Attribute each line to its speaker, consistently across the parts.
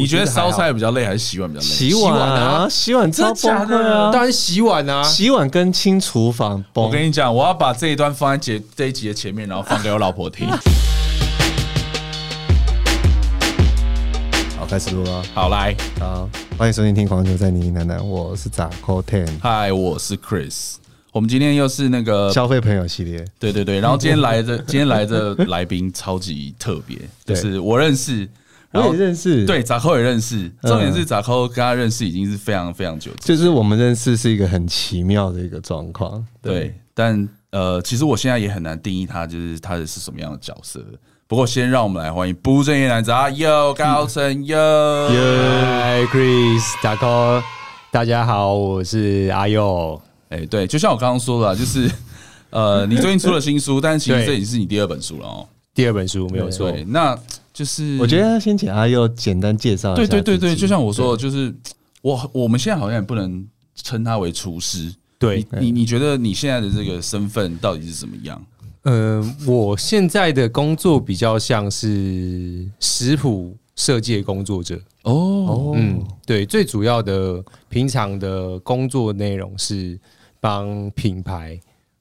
Speaker 1: 你覺得燒菜比較累還是洗碗比較累？洗碗啊，
Speaker 2: 洗碗真、啊、的、啊、假的、啊？當然洗
Speaker 1: 碗啊，洗碗跟清廚房。我跟你講，我要把這一段放在節這一集的前面，然後放給我老婆聽。 好，開始錄啊！好，來，好
Speaker 2: 歡迎收聽《聽狂熱球在你奶奶》南南，我是張 c 天。
Speaker 1: 嗨，Hi, 我是 Chris。我們今天又是那個消
Speaker 2: 費朋友系列，對對對。然後今天來的 今天來
Speaker 1: 的來賓超級特別，就是我認識。我也認識，對，扎克也認識。重點是，扎克跟他認識已經是非常非常久
Speaker 2: 了、嗯。就是我們認識是一個
Speaker 1: 很奇妙的一個狀況，對。但呃，其實我現在也很難定義他，就是他是什麼樣的角色的。不過，先讓我們來歡迎不務正業男子阿、啊、佑、嗯、高升。Yo，Hi，Chris，yeah. 扎克大家好，我是阿佑。哎、欸，對，就像我剛剛說的、啊，就是 呃，你最近出了新書， 但是其實這也是你第二本書了哦、喔。第二本書沒有錯。那就是我覺得先請 AYO 簡單介紹一下。對對對對，就像我說的，就是我我們現在好像也不能稱他為廚師。對，你對你覺得你現在的這個身份到底是怎麼樣？嗯？
Speaker 2: 呃，
Speaker 3: 我現在的工作比較像是食譜設計工作者。
Speaker 1: 哦，嗯，
Speaker 3: 對，最主要的平常的工作內容是幫品牌，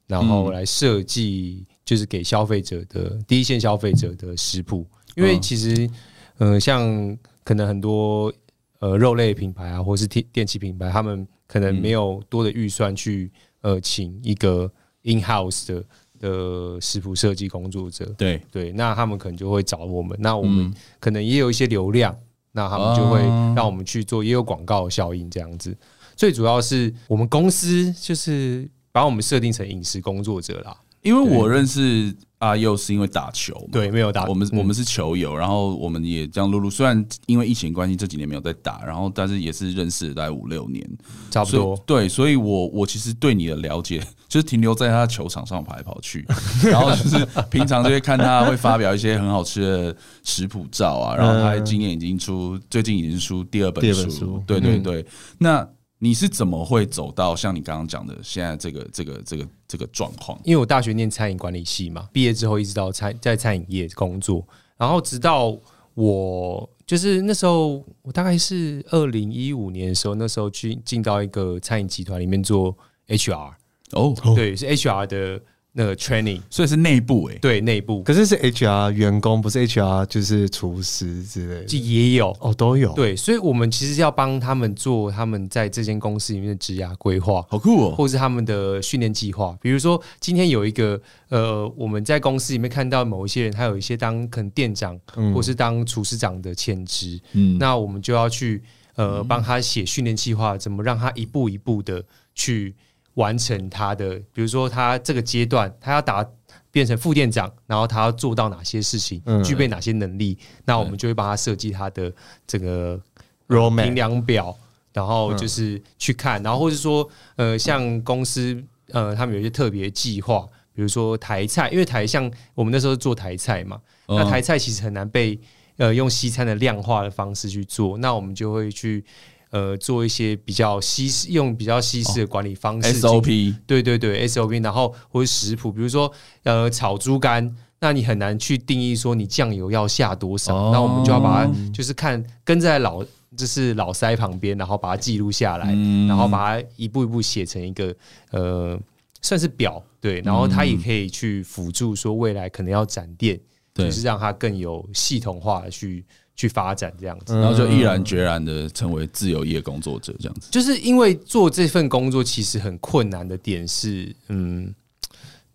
Speaker 3: 然後來設計，就是給消費者的、第一線消費者的食譜。因為其實，嗯、呃，像可能很多呃肉類品牌啊，或是電電器品牌，他們可能沒有多的預算去呃請一個 in house 的的食譜設計工作者。對對，那他們可能就會找我們。那我們可能也有一些流量，嗯、那他們就會讓我們去做，也有廣告效應這樣子。最主要是我們公司就是
Speaker 1: 把我們設定成飲食工作者啦，因為我認識。阿、啊、佑是因為打球，對，沒有打。我們、嗯、我們是球友，然後我們也這樣露露。雖然因為疫情關係，這幾年沒有在打，然後但是也是認識了大概五六年，差不多。對，所以我，我我其實對你的了解，就是停留在他球場上跑來跑去，然後就是平常就會看他會發表一些很好吃的食譜照啊。然後他今年已經出，嗯、最近已經出第二本書，本書嗯、對對對。嗯、那你是怎麼會走到像你剛剛講的現在這個這個這個這個狀況？因為我大學念餐飲管理系嘛，畢業之
Speaker 3: 後一直到餐在餐飲業工作，然後直到我就是那時候，我大概是二零一五年的時候，那時候去進到一個餐飲集團裡面做 HR 哦、Oh. Oh.，對，是 HR 的。那個 training，所以是內部哎、欸，對內部。可是是 HR 員工，不是 HR 就是廚師之類的。也有哦，都有。對，所以我們其實要幫他們做他們在這間公司裡面的職涯規劃，好酷哦。或是他們的訓練計劃，比如說今天有一個呃，我們在公司裡面看到某一些人，他有一些當可能店長或是當廚師長的潛質，嗯，那我們就要去呃幫他寫訓練計劃，怎麼讓他一步一步的去。完成他的，比如說他這個階段，他要打變成副店長，然後他要做到哪些事情，嗯、具備哪些能力，嗯、那我們就會幫他設計他的這個評量表、嗯，然後就是去看，然後或者說呃，像公司呃，他們有一些特別計劃，比如說台菜，因為台像我們那時候做台菜嘛、嗯，那台菜其實很難被呃用西餐的量化的方式去做，那我們就會去。呃，做一些比較西式，用比較西式的管理方式，哦、SOP，對對對 SOP，然後或者食譜，比如說呃炒豬肝，那你很難去定義說你醬油要下多少，那，哦、我們就要把它就是看跟在老就是老塞旁邊，然後把它記錄下來，嗯，然後把它一步一步寫成一個呃算是表對，然後它也可以去輔助說未來可能要展店，嗯，就是讓它更有系統化的去。去發展這樣子，然後就毅然
Speaker 1: 決然的成為自由業工作者這樣子，就
Speaker 3: 是因為做這份工作其實很困難的點是，嗯，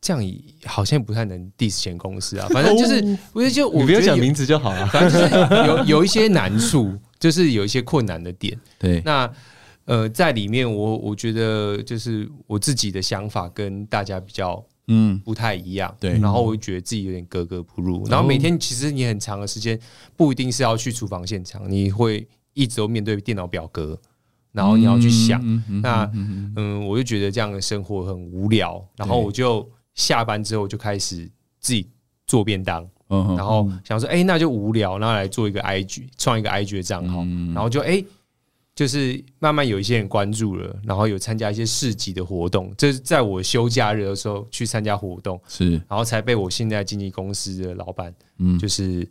Speaker 3: 這樣好像不太能 diss 前公司啊，反正就是我覺得就我不要講名字就好了、啊，反正是有有，有一些難處，就是有一些困難的點。對，那，那呃，在裡面我我覺得就是我自己的想法跟大家比較。嗯，不太一樣。對，然後我就覺得自己有點格格不入。嗯、然後每天其實你很長的時間不一定是要去廚房現場，你會一直都面對電腦表格，然後你要去想。嗯那嗯，嗯，嗯，我就覺得這樣的生活很無聊。然後我就下班之後就開始自己做便當。然後想說，哎、欸，那就無聊，那來做一個 IG，創一個 IG 的賬號、嗯。然後就哎。欸就是慢慢有一些人關注了，然後有參加一些市集的活動，這、就是在我休假日的時候去參加活動，是、嗯，然後才被我現在經紀公司的老闆，嗯，就是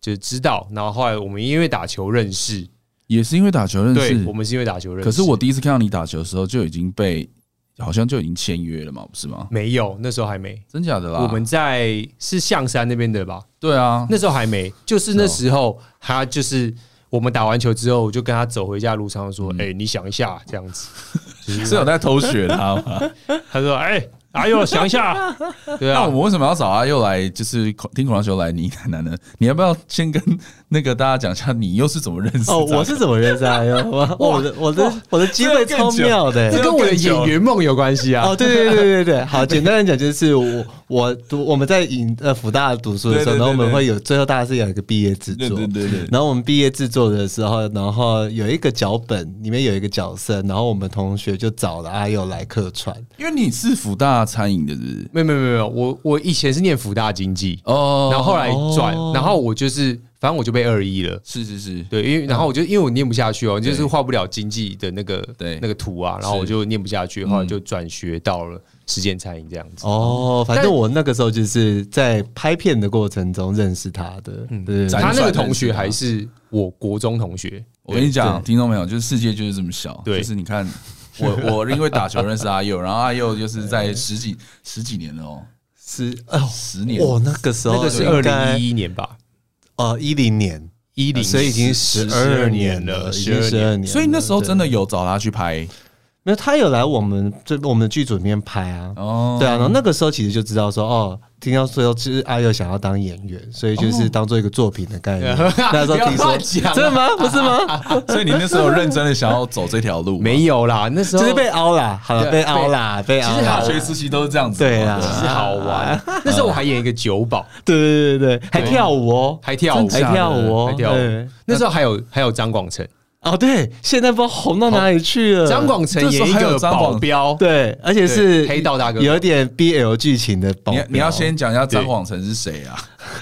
Speaker 3: 就知道，然後後來我們因為打球認
Speaker 1: 識，也是因為打球認識，對，我們是因為打球認識。可是我第一次看到你打球的時候就已經被，好像就已經簽約了嘛，不是嗎？沒
Speaker 3: 有，那時候還沒，真假的啦。我們在是象山那邊的吧？對啊，那時候還沒，就是那時候他就是。我們打完球之後，我就跟他走回家的路上說：“哎、嗯欸，你想一下，這樣子，就是，、啊、 是有在偷學
Speaker 2: 他嗎。 ”他
Speaker 1: 說：“哎。”阿、哎、佑，想
Speaker 2: 一下， 對啊，我們為什麼
Speaker 1: 要找阿佑來，就是聽恐龍球來你談談呢？你要不要先跟那個大家講一下，你又是怎麼認識？哦，我是怎麼認識阿、啊、佑、哎？我的我的我的機會超妙的，這跟我的演員
Speaker 2: 夢有關係啊！哦，對對對對好對好，簡單來講就是我我讀我們在影呃輔大讀書的時候，對對對對，然後我們會有最後大家是有一個畢業制作，對對對、對、對、對、對，然後我們畢業制作的時候，然後有一個腳本、個本裡面有一個角色，然後我們同學就找了阿佑來客串，因為你是輔大。他餐飲的是不是？沒有沒有沒有，我我以前是念輔大經
Speaker 3: 濟哦，然後，後來轉，哦，然後我就是反正我就被二一了，是是是，對，因為然後我就、嗯、因為我念不下去哦，就是畫不了經濟的那個對那個圖啊，然後我就念不下去，然後來就轉學到了實踐餐飲這樣子，嗯、
Speaker 2: 哦。反正我那個時候就是在拍片的過程中認識他的，嗯、
Speaker 1: 對，他他那個同學
Speaker 3: 還是我國中同
Speaker 1: 學。我跟你講，聽到沒有？就是世界就是這麼小，對，就是你看。 我我因為打球認識阿佑，然後阿佑就是在十幾 十幾年了哦，十，哦，哦，十年哦，那個時候那個是二零一一年吧，呃一零年一零，10，所以已經十二年了，已經十二年，年，年，所
Speaker 2: 以那時候真的有找他去拍。沒有，他有來我們這我們的劇組裡面拍啊，oh, 對啊，然後那個時候其實就知道說，哦，聽到最後就是阿佑想要當演員，所以就是當做一個作品的概念。Oh. 那時候聽說， 啊、真的嗎？不
Speaker 1: 是嗎？ 所以你那時候認真的想要
Speaker 2: 走這條路？ 沒有啦，那時候就是被凹啦，好了被，
Speaker 1: 被，被凹啦，被凹。其實大學時期都是這樣子的。對啊，其實、就是、好
Speaker 2: 玩、啊。那時候我還演一個酒保。 對對對對，對還、哦，還跳舞哦，還跳舞，還跳舞哦，
Speaker 3: 那時候還有還有
Speaker 2: 張廣成。哦，對，現在不知道紅到哪裡去了。張廣成也、就是、還有張廣保鏢，對，而且是黑道大哥，有點 BL 劇情的保，你要保。你要先講一下張廣
Speaker 1: 成是誰啊？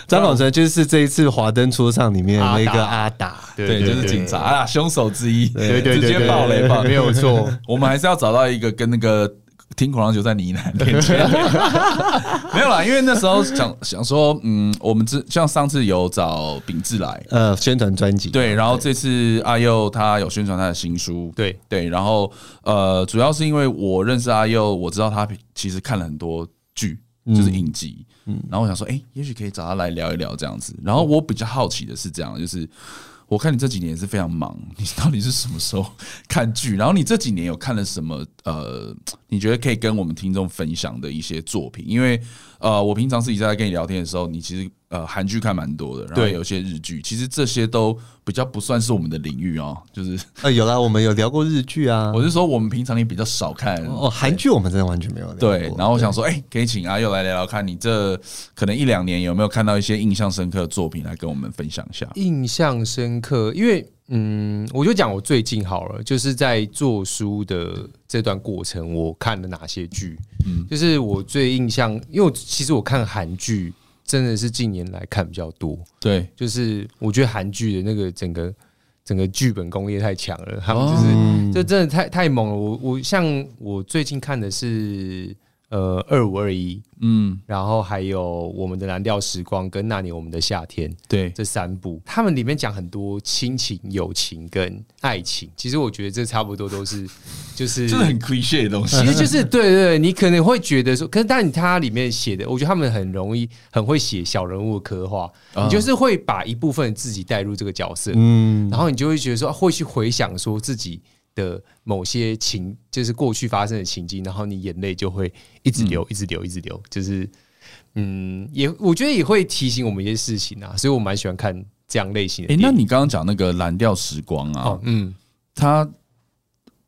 Speaker 2: 張廣成就是這一次華燈初上裡面那個阿達、啊，對，就是警察啊，
Speaker 1: 兇手之一，對對，直接暴雷吧對對對對，沒有錯。 我們還是要找到一個跟那個。聽《狂浪就在呢喃，沒有啦，因為那時候想想說，嗯，我們之像上次有找秉志來，呃，宣傳專輯，對，然後這次阿佑他有宣傳他的新書，對對，然後呃，主要是因為我認識阿佑，我知道他其實看了很多劇，就是影集、嗯，嗯，然後我想說，哎、欸，也許可以找他來聊一聊這樣子，然後我比較好奇的是這樣，就是。我看你這幾年是非常忙，你到底是什麼時候看劇？然後你這幾年有看了什麼？呃，你覺得可以跟我們聽眾分享的一些作品？因為呃，我平常自己在跟你聊天的時候，你其實。呃，韓劇看蠻多的，然後有些日劇，其實這些都比較不算是我們的領域哦。就是呃、啊，有啦，我們有聊過日劇啊。 我是說，我們平常也比較少看哦，哦、韓劇
Speaker 2: 我們真的完全沒
Speaker 1: 有。對，然後我想說，哎、欸，可以請啊、AYO 來聊聊看，看你這可能一兩年有沒有看到一些印象深刻的作品來跟我們分享一下。
Speaker 3: 印象深刻，因為嗯，我就講我最近好了，就是在做書的這段過程，我看了哪些劇。嗯，就是我最印象，因為其實我看韓劇，真的是近年來看比較多，對，就是我覺得韓劇的那個整個整個劇本工業太強了，他們就是，這、oh、真的太太猛了。我我像我最近看的是，呃，二五二一，嗯，然後還有我們的藍調時光跟那年我們的夏天，對，這三部，他們裡面講很多親情、友情跟愛情。其實我覺得這差不多都是，就是就是 很 cliché 的東西。其實就是對對，對對，你可能會覺得說，可是但你他裡面寫的，我覺得他們很容易很會寫小人物的刻畫，你就是會把一部分自己帶入這個角色，嗯，然後你就會覺得說會去回想說自己。的某些情，就是過去發生的情境，然後你眼淚就會一直流，嗯、一直流，一直流。就是，嗯，也我覺得
Speaker 1: 也會提醒我們一些事情啊，所以我蠻喜歡看這樣類型的。哎、欸，那你剛剛講那個《藍調時光》啊，嗯，他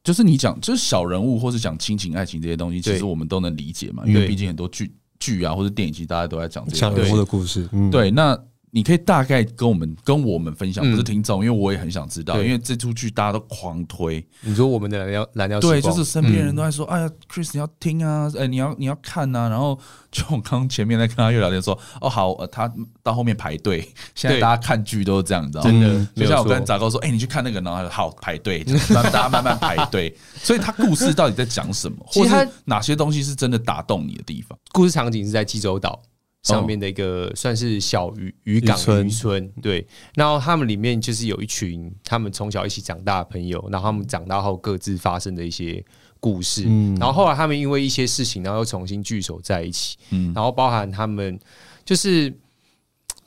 Speaker 1: 就是你講就是小人物，或是講親情、愛情這些東西，嗯、其實我們都能理解嘛，因為畢竟很多劇劇啊，或者電影其實大家都在講這些小人物的故事，對、嗯、對那。你可以大概跟我們跟我們分享，不是聽眾、嗯，因為我也很想知道，因為這出劇大家都狂推。你說我們的藍調藍調，對，就是身邊人都在說，嗯、哎呀，Chris 你要聽啊，哎，你要你要看啊，然後就我剛前面在跟他又聊天說，哦，好，他到後面排隊、嗯，現在大家看劇都是這樣，你知道嗎？真的，嗯、所以像我跟雜哥說，哎、嗯欸，你去看那個，然後好排隊，讓大家慢慢排隊。 所以他故事到底在講什麼？其實他或哪些東西是真的打動你的地方？故事場景是在濟州島，上面的一個
Speaker 3: 算是小漁、哦、漁港、漁村、村，對。然後他們裡面就是有一群他們從小一起長大的朋友，然後他們長大後各自發生的一些故事。嗯、然後後來他們因為一些事情，然後又重新聚首在一起。嗯、然後包含他們就是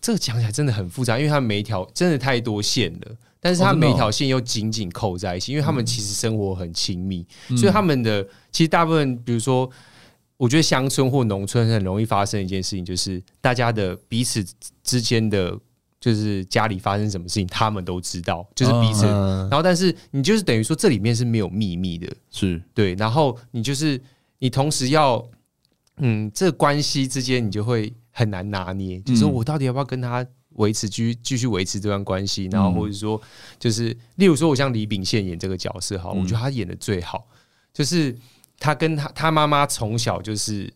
Speaker 3: 這個講起來真的很複雜，因為他們每一條真的太多線了，但是他們每一條線又緊緊扣在一起，因為他們其實生活很親密、嗯，所以他們的其實大部分比如說。我覺得鄉村或農村很容易發生一件事情，就是大家的彼此之間的，就是家裡發生什麼事情，他們都知道，就是彼此。然後，但是你就是等於說這裡面是沒有秘密的、uh,，是、uh, uh. 對。然後你就是你同時要，嗯，這關係之間你就會很難拿捏，就是說我到底要不要跟他維持繼繼續維持這段關係？然後或者說，就是例如說，我像李秉憲演這個角色哈，我覺得他演的最好，就是。他跟他他媽媽從小就是，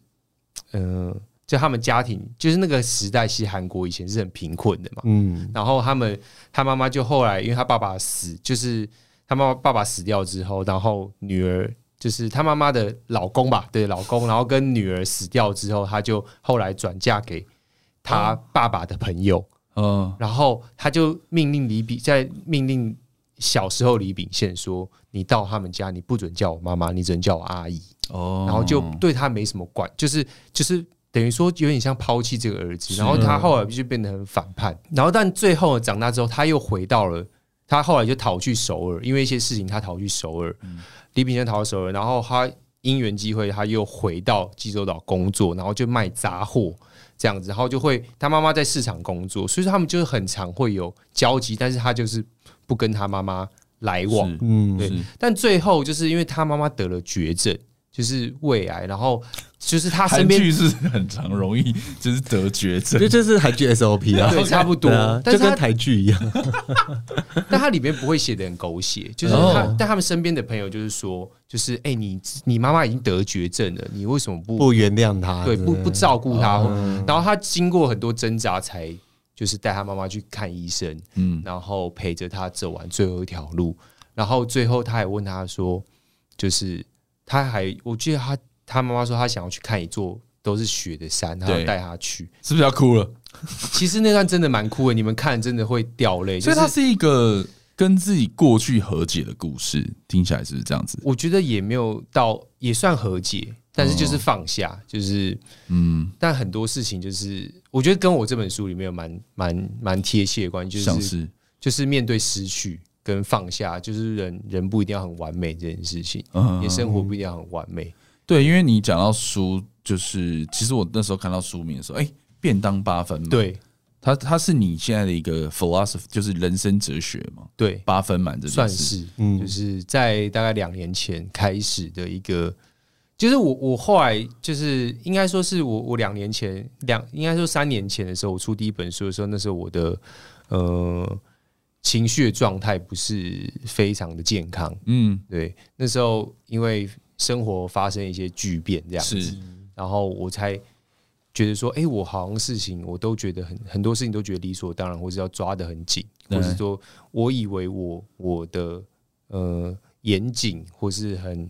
Speaker 3: 嗯、呃，就他們家庭就是那個時代，其實韓國以前是很貧困的嘛，嗯，然後他們他媽媽就後來，因為他爸爸死，就是他媽爸爸死掉之後，然後女兒就是他媽媽的老公吧，對，老公，然後跟女兒死掉之後，他就後來轉嫁給他爸爸的朋友，嗯，嗯，然後他就命令李比在命令，小時候，李秉憲說：“你到他們家，你不准叫我媽媽，你只能叫我阿姨。”哦，然後就對他沒什麼管，就是就是等於說有點像拋棄這個兒子。然後他後來就變得很反叛。哦、然後但最後長大之後，他又回到了他後來就逃去首爾，因為一些事情他逃去首爾，嗯、李秉憲逃到首爾，然後他因緣機會他又回到濟州島工作，然後就賣雜貨這樣子，然後就會他媽媽在市場工作，所以說他們就是很常會有交集，但是他就是。不跟他媽媽來往，嗯，對。但最後就是因為他媽媽得了絕症，就是胃癌，然後就是他身邊就是
Speaker 1: 很常容易就是得絕症，就，就是得這是台劇 SOP 啊，對，差不多，啊、但是他就跟台劇一樣。
Speaker 3: 但他裡面不會寫的很狗血，就是他，哦、但他們身邊的朋友就是說，就是哎、欸，你你媽媽已經得絕症了，你為什麼不不原諒他？對，對不不照顧他、哦，然後他經過很多掙扎才。就是帶他媽媽去看醫生，嗯，然後陪着他走完最後一條路，然後最後他還問他說，就是他還我記得他他媽媽說他想要去看一座都是雪的山，他要帶他
Speaker 1: 去，是不是要哭
Speaker 3: 了？其實那段真的蠻哭的，你們看真的會掉淚，就是。所以它是
Speaker 1: 一個跟自己過去和解的故事，聽起來是不是這樣子？
Speaker 3: 我覺得也沒有到也算和解。但是就是放下，就是嗯，但很多事情就是，我覺得跟我這本書裡面有蠻蠻蠻貼切的關係，就是、是就是面對失去跟
Speaker 1: 放下，就是人人不一定要很完美這件事情，嗯、也生活不一定要很完美，嗯、對，因為你講到書，就是其實我那時候看到書名的時候，哎、欸，便當八分嘛，對，他它,它是你現在的一個 philosophy，就是人生哲學嘛，對，八分滿，算是，嗯，就是在大概兩年前開始的一個。
Speaker 3: 就是我，我後來就是應該說是我，我兩年前兩應該說三年前的時候，我出第一本書的時候，那時候我的呃情緒的狀態不是非常的健康，嗯，對，那時候因為生活發生一些巨變這樣子，嗯、然後我才覺得說，哎、欸，我好像事情我都覺得很很多事情都覺得理所當然，或是要抓得很緊，或是說我以為我我的呃嚴謹或是很。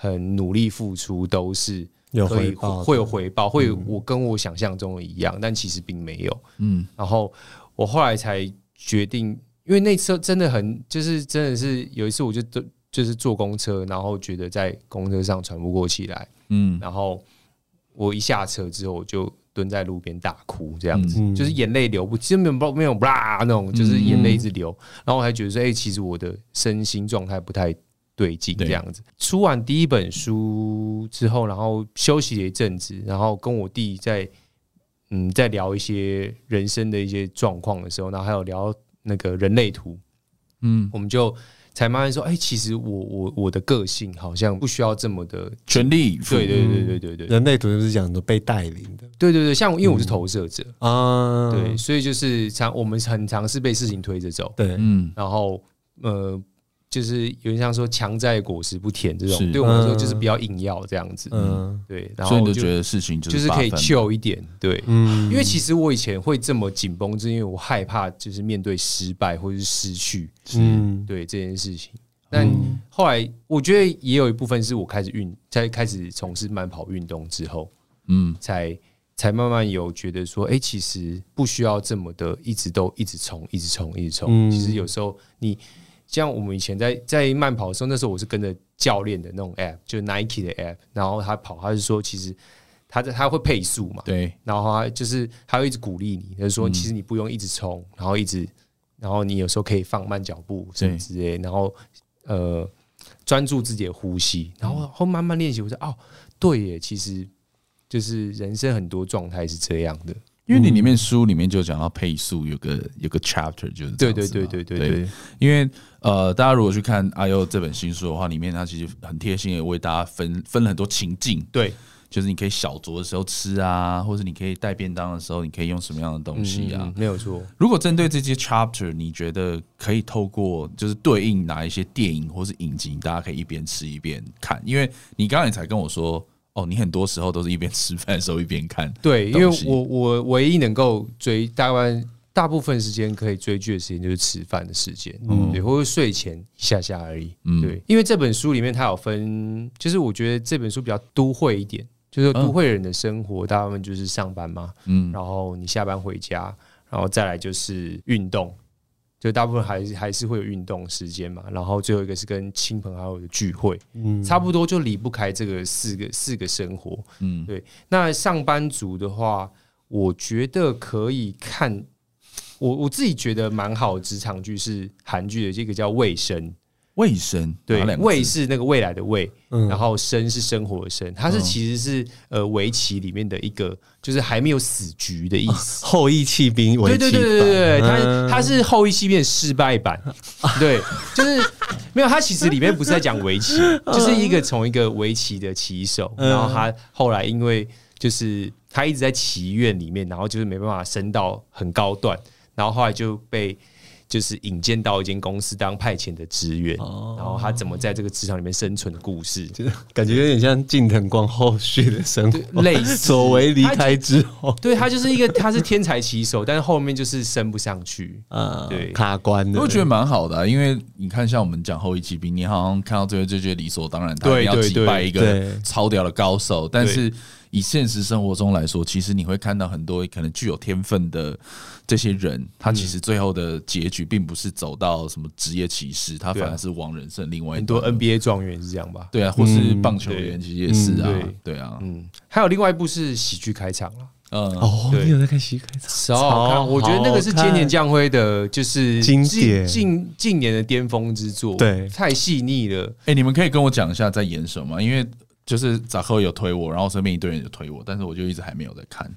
Speaker 3: 很努力付出都是有回報，會有回報，會有我跟我想象中的一樣，但其實並沒有。嗯，然後我後來才決定，因為那次真的很，就是真的是有一次，我就就是坐公車，然後覺得在公車上喘不過氣來，嗯，然後我一下車之後，我就蹲在路邊大哭，這樣子，就是眼淚流不，就沒有沒有那種，就是眼淚一直流，然後我還覺得說，哎、欸，其實我的身心狀態不太。對，這樣子出完第一本書之後，然後休息了一陣子，然後跟我弟在嗯，在聊一些人生的一些狀況的時候，然後還有聊那個人類圖，嗯，我們就才慢慢說，哎、欸，其實我我我的個性好像不需要這麼的
Speaker 1: 全力
Speaker 2: 以赴，對，對對對對對對，人類圖就是講的被帶領
Speaker 3: 的，對對對，像因為我是投射者啊、嗯，對啊，所以就是常我們很常是被事情推着走，對，嗯，然後呃。就是有點像說“強摘的果實不甜”這種，對我們來說就是比較硬要這樣子。嗯，對。然後就，就覺得事情就是、就是、可以 chill 一點，對。嗯，因為其實我以前會這麼緊繃，是因為我害怕就是面對失敗或者是失去，嗯，對這件事情、嗯。但後來我覺得也有一部分是我開始運，在開始從事慢跑運動之後，嗯，才才慢慢有覺得說，哎、欸，其實不需要這麼的，一直都一直衝，一直衝，一直衝、嗯。其實有時候你。像我們以前在在慢跑的時候，那時候我是跟着教練的那種 app，就 Nike 的 app，然後他跑，他是說其實他在他會配速嘛，對，然後他就是他會一直鼓勵你，就是說其實你不用一直衝，嗯、然後一直，然後你有時候可以放慢腳步，什麼之類的，然後呃，專注自己的呼吸，然後後慢慢練習。我說、嗯、哦，對耶，其實就是人生很多狀態是這樣的，因為你裡
Speaker 1: 面書裡面就講到配速有個有個 chapter，就是對對對對，對對對對對，因為。呃，大家如果去看 AYO 這本新書的話，裡面它其實很貼心，也為大家分分了很多情境。對，就是你可以小酌的時候吃啊，或者你可以帶便當的時候，你可以用什麼樣的東西啊？嗯嗯、沒有錯。如果針對這些 chapter，你覺得可以透過就是對應哪一些電影或是影集，大家可以一邊吃一邊看。因為你剛才才跟我說，哦，你很多時候都是一邊吃飯的時候一邊看。對，因為我
Speaker 3: 我唯一能夠追，大灣。大部分時間可以追劇的時間就是吃飯的時間，嗯，嗯，也會睡前一下下而已，嗯，對，因為這本書裡面它有分，就是我覺得這本書比較都會一點，就是都會人的生活，大部分就是上班嘛，嗯，然後你下班回家，然後再來就是運動，就大部分還是還是會有運動時間嘛，然後最後一個是跟親朋好友的聚會，嗯，差不多就離不開這個四個四個生活，嗯，對，那上班族的話，我覺得可以看，我我自己覺得蠻好，職場劇是韓劇的，這個叫《未
Speaker 1: 生未生》未生，對，未
Speaker 3: 是那個未來的未，嗯、然後生是生活的生，它是其實是呃圍棋裡面的一個，就是還沒有死局的意思。啊、
Speaker 2: 後翼棄兵
Speaker 3: 圍棋，對對對對對、嗯、它，它是後翼棄兵的失敗版，嗯、對，就是沒有它其實裡面不是在講圍棋，嗯、就是一個從一個圍棋的棋手，然後他後來因為就是他一直在棋院裡面，然後就是沒辦法升到很高段。然後後來就被就是引薦到一間公司當派遣的
Speaker 2: 職員。哦，然後他怎麼在這個職場裡面生存的故事，就感覺有點像進藤光後續的生活類似。佐為離開之
Speaker 3: 後，他對他就是一個他是天才棋手， 但是後面就是升不上去
Speaker 2: 啊，對，卡關，對。我
Speaker 1: 覺得蠻好的。啊，因為你看像我們講後翼棄兵，你好像看到最後就覺得理所當然，他要擊敗一個超屌的高手，但是。以現實生活中來說，其實你會看到很多可能具有天分的這些人，嗯、他其實最後的結局並不是走到什麼職業歧視、嗯，他反而是亡人生另外一，很多 NBA 狀元是這樣吧？對啊，或是棒球員，其實也是啊、嗯，對啊，對，嗯，對，對啊。嗯，還有另外一部是喜劇開場了、啊，嗯，哦，有在看喜劇開場，嗯、好好看。我覺得那個是菅田將暉的，就是近近近年的巔峰之作，對，太細膩了。哎、欸，你們可以跟我講一下在演什麼，因為。就是咋後有推我，然後身邊一堆人有推我，但是我就一直還沒有在看。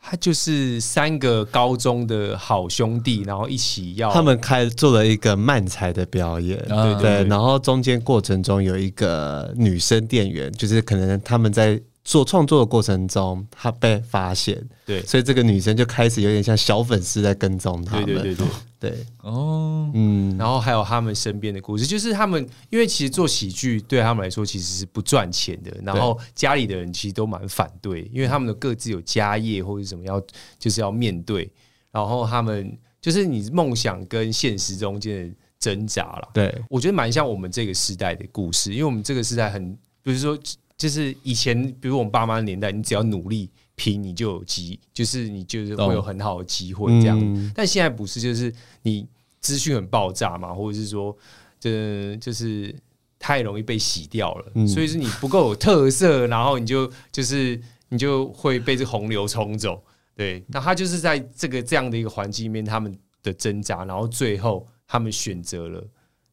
Speaker 1: 他
Speaker 3: 就是三個高中的好兄弟，然後一起要他
Speaker 1: 們開做了一個漫才的表
Speaker 2: 演，啊、對，對，對對，然後中間過程中有一個女生店員，就是可能他們在。做創作的過程中，他被發現，對，所以這個女生就開始有點像小粉絲在跟蹤他，對對對對， 對，哦，嗯，
Speaker 3: 然後還有他們身邊的故事，就是他們因為其實做喜劇對他們來說其實是不賺錢的，然後家裡的人其實都蠻反對，對，因為他們的各自有家業或者什麼要就是要面對，然後他們就是你夢想跟現實中間的掙扎了，對我覺得蠻像我們這個時代的故事，因為我們這個時代很，比如說。就是以前，比如我們爸媽年代，你只要努力拼，你就有機，就是你就是會有很好的機會這樣。但現在不是，就是你資訊很爆炸嘛，或者是說，就就是太容易被洗掉了，所以是你不夠有特色，然後你就就是你就會被這洪流沖走。對，那他就是在這個這樣的一個環境裡面，他們的掙扎，然後最後他們選擇了，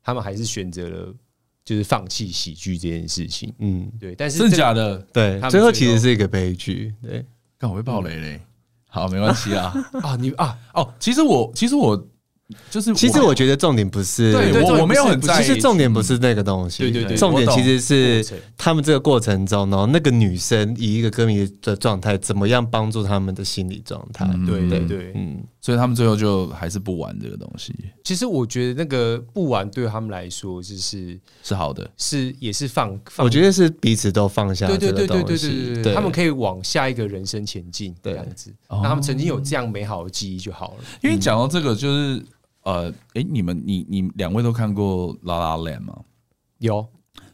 Speaker 3: 他們還是選擇了。就是放棄喜劇這件事情，嗯，對，但是、這個、是假的，對，
Speaker 2: 最後其實是一個悲劇，對，
Speaker 1: 那我會爆雷嘞？
Speaker 2: 好，沒關係啊，
Speaker 1: 啊，你啊，哦，其實
Speaker 2: 我，其實我就是我，其實我覺得重點不是，對，對，對，我我沒有很不，其實重點不是那個東西對對對，對對對，重點其實是他們這個過程中呢，然後那個女生以一個歌迷的狀態，怎麼樣幫助他們的心理狀態、嗯，對對對，對嗯。
Speaker 1: 所以他們最後就還是不玩這個東西。
Speaker 3: 其實我覺得那個不玩，對他們來說就是
Speaker 1: 是好
Speaker 2: 的，
Speaker 3: 是也是放。放我覺
Speaker 1: 得是彼此都放下。對對對
Speaker 3: 對對，對對對對對對對，他們可以往下一個人生前進這樣子。那他們曾經有這樣美好
Speaker 1: 的記憶就好了。哦、因為講到這個，就是呃，哎、欸，你們你你兩位都看過《La La Land》嗎？有。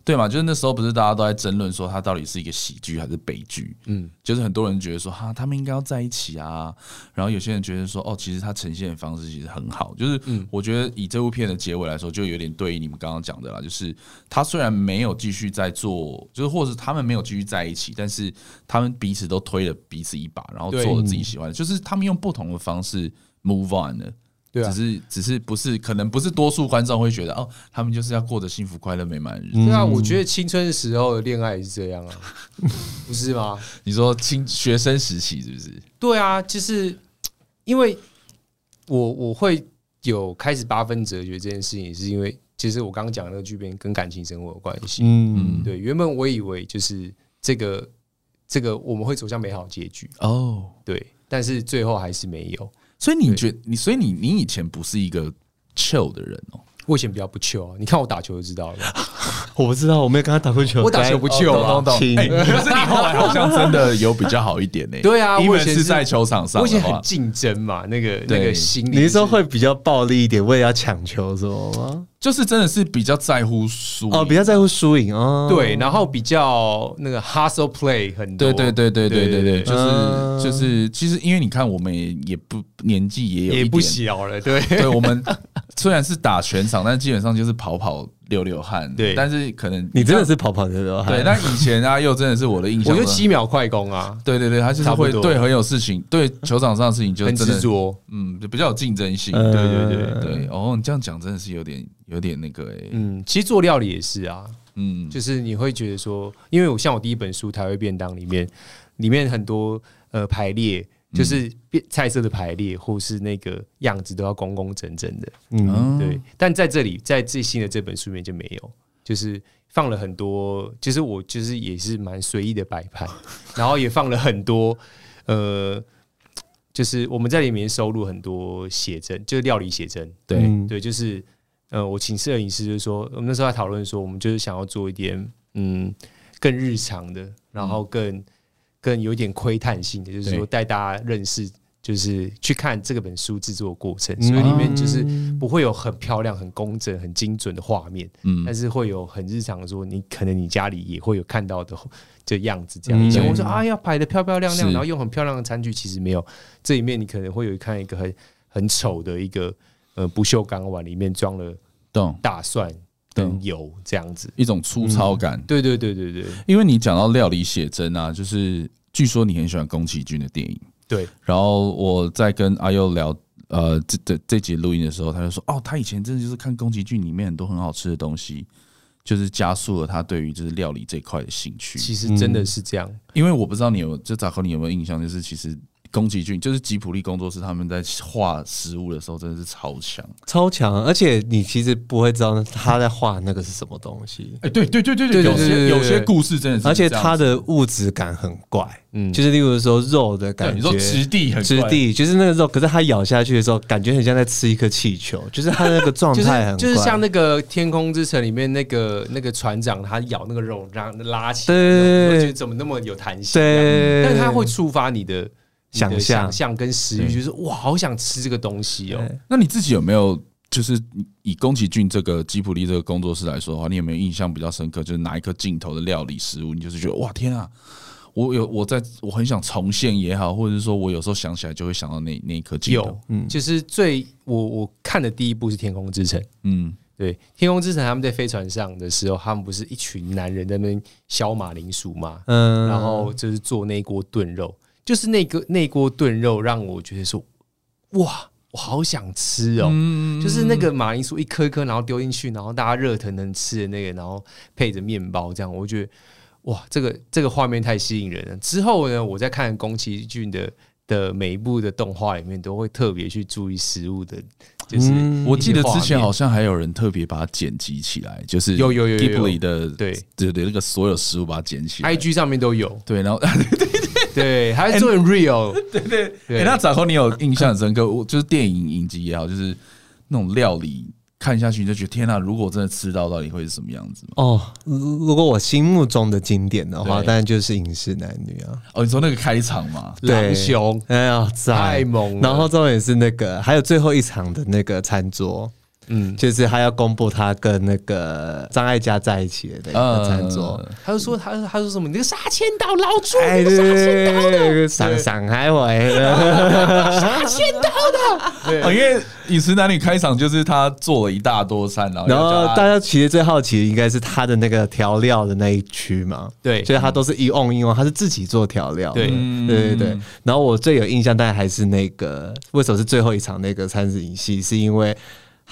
Speaker 1: 對嘛，就是那時候不是大家都在爭論說他到底是一個喜劇還是悲劇？嗯，就是很多人覺得說哈，他們應該要在一起啊，然後有些人覺得說哦，喔，其實他呈現的方式其實很好，就是我覺得以這部片的結尾來說，就有點對於你們剛剛講的啦，就是他雖然沒有繼續在做，就是或者是他們沒有繼續在一起，但是他們彼此都推了彼此一把，然後做了自己喜歡的。嗯，就是他們用不同的方式 move on 的。對啊，只是只是不是，可能不是多數觀眾會覺得哦，他們就是要過着幸福、快樂、美滿日子。對啊，我覺得青春時候的戀愛是這樣啊， 不是嗎？你說青學生時期是不是？
Speaker 3: 對啊，就是因為我我會有開始八分哲學這件事情，是因為其實我剛剛講那個劇變跟感情生活有關係。嗯，對。原本我以為就是這個這個我們會走向美好結局哦，對，但是最後還是沒有。
Speaker 1: 所以你覺你，所以你，你以前不是一個 chill 的人喔。我以前比較不 chill 啊，你看我打球就知道了。
Speaker 2: 我不知道，我沒有跟他打過球。我打球不 chill 啊？呃，等等等等欸， 可是你後來好像真的有比較好一點呢？ 對啊，因為是在球場
Speaker 3: 上，我以前很競爭嘛，那個那個心理，你那
Speaker 2: 時候會比較暴力一點，為了要搶球是什麼嗎？
Speaker 3: 就是真的是比較在乎輸贏。哦，比較
Speaker 1: 在乎輸贏啊。哦、對，然
Speaker 3: 後比較那個 hustle play 很多。對對對對對對對，對對對就是、嗯、就是，
Speaker 1: 其實因為你看，我們也不年紀也有一點也不小了，對對。我們雖然是打全場， 但基本上就是跑跑流流汗。對，但是可能你，你真的是跑跑流流汗。對，那以前啊，又真的是我的印象、啊，我覺得七秒快攻啊。 對對對，他就他會對很有事情，對球場上的事情就是很執着。嗯，就比較有競爭性。對對對對，哦，你這樣講真的是有點。有點那個、
Speaker 3: 欸、嗯，其實做料理也是啊，嗯，嗯，就是你會覺得說，因為我像我第一本書《台灣便當》裡面，裡面很多呃排列，就是菜色的排列或是那個樣子都要工工整整的，嗯，嗯，對。但在這裡，在最新的這本書裡面就沒有，就是放了很多，其實、就是、我就是也是蠻隨意的擺盤，然後也放了很多呃，就是我們在裡面收錄很多寫真，就是料理寫真，對、嗯、對，就是。呃，我請攝影師就是說，我們那時候在討論說，我們就是想要做一點嗯更日常的，然後更更有一點窺探性的，就是說帶大家認識，就是去看這個本書制作的過程，所以裡面就是不會有很漂亮、很工整、很精準的畫面，嗯，但是會有很日常的說，說你可能你家裡也會有看到的樣這樣子。這樣以前我說啊要拍的漂漂亮亮，然後用很漂亮的餐具，其實沒有，這裡面你可能會有看一個很很醜的一個。呃，不鏽鋼碗裡面裝了大蒜、
Speaker 1: 跟油這樣子，一種粗糙感。嗯、對對對對對，對，因為你講到料理寫真啊，就是據說你很喜歡宮崎駿的電影。對，然後我在跟 AYO 聊，呃，這這這集錄音的時候，他就說，哦，他以前真的就是看宮崎駿裡面很多很好吃的東西，就是加速了他對於就是料理這塊的興趣。其實真的是這樣，嗯、因為我不知道你有，就咋和你有沒有印象，就是其實。宮崎駿就是吉普力工作室，他們在畫食物的時候真的是超強，
Speaker 2: 超強，而且你其實不會知道他在畫那個是什麼東西。哎、欸，對對對對對，對，對，對，有些有些故事真的是，而且他的物質感很怪，嗯，就是例如說肉的感覺，質地很怪，質地，就是那個肉，可是他咬下去的時候，感覺很像在吃一顆氣球，就是他那個狀態很怪、 就是，就是像
Speaker 3: 那個《天空之城》裡面那個那個船長，他咬那個肉，然後拉起來，覺得怎麼那麼有彈性？對，但它會觸發你的。想象、想象跟食慾，就是哇，好想吃這個東西哦、喔。那
Speaker 1: 你自己有沒有，就是以宮崎駿這個吉卜力這個工作室來說的話，你有沒有印象比較深刻？就是哪一顆鏡頭的料理食物，你就是覺得哇，天啊！我有，我在我很想重現也好，或者是說我有時候想起來就會想到那那一顆鏡頭。有，
Speaker 3: 嗯，就是最我我看的第一部是天、嗯《天空之城》。
Speaker 2: 嗯，
Speaker 3: 對，《天空之城》他們在飛船上的時候，他們不是一群男人在那邊削馬鈴薯嗎？
Speaker 2: 嗯，然後就
Speaker 3: 是做那一鍋燉肉。就是那鍋、個、那鍋燉肉，讓我覺得說，哇，我好想吃哦、喔！就是那個馬鈴薯一顆一顆，然後丟進去，然後大家熱騰騰吃的那個，然後配着麵包，這樣我覺得哇，這個這個畫面太吸引人了。之後呢，我在看宮崎駿的的每一部的動畫裡面，都會特別去注意食物的，就是我記得之前好
Speaker 1: 像還有人特別把它剪輯起來，就是有有有有的，對對對，那個所有食物把它剪起來
Speaker 3: ，IG 上面都有。
Speaker 1: 對，然後 對，And、還是做 real， 對對對。對對欸、那然後你有印象深刻？我就是電影影集也好，就是那種料理看下去你就覺得天哪、啊！如果真的吃到，到底會是什麼樣子
Speaker 2: 嗎？哦，如如果我心目中的經典的話，當然就是《飲食男女》啊。
Speaker 1: 哦，你說那個開場嘛，男雄，哎呀，太猛了。然後重
Speaker 2: 點是那個，還有最後一場的那個餐桌。嗯，就是他要公布他跟那個張艾嘉在一起的那個餐桌，
Speaker 3: 他就說他他說什麼？你個殺千刀
Speaker 2: 撈出來，殺
Speaker 1: 千刀的，傷殺
Speaker 2: 千刀的。
Speaker 1: 哦，因為飲食男女開場就是他做了一大多餐，然後大家
Speaker 2: 其實最好奇的應該是他的那個調料的那一區嘛，對，所以他
Speaker 1: 都是一甕一
Speaker 2: 甕，他是自己做調料的對，對對對，嗯。然後我最有印象，但還是那個為什麼是最後一場那個餐食影戲，是因為。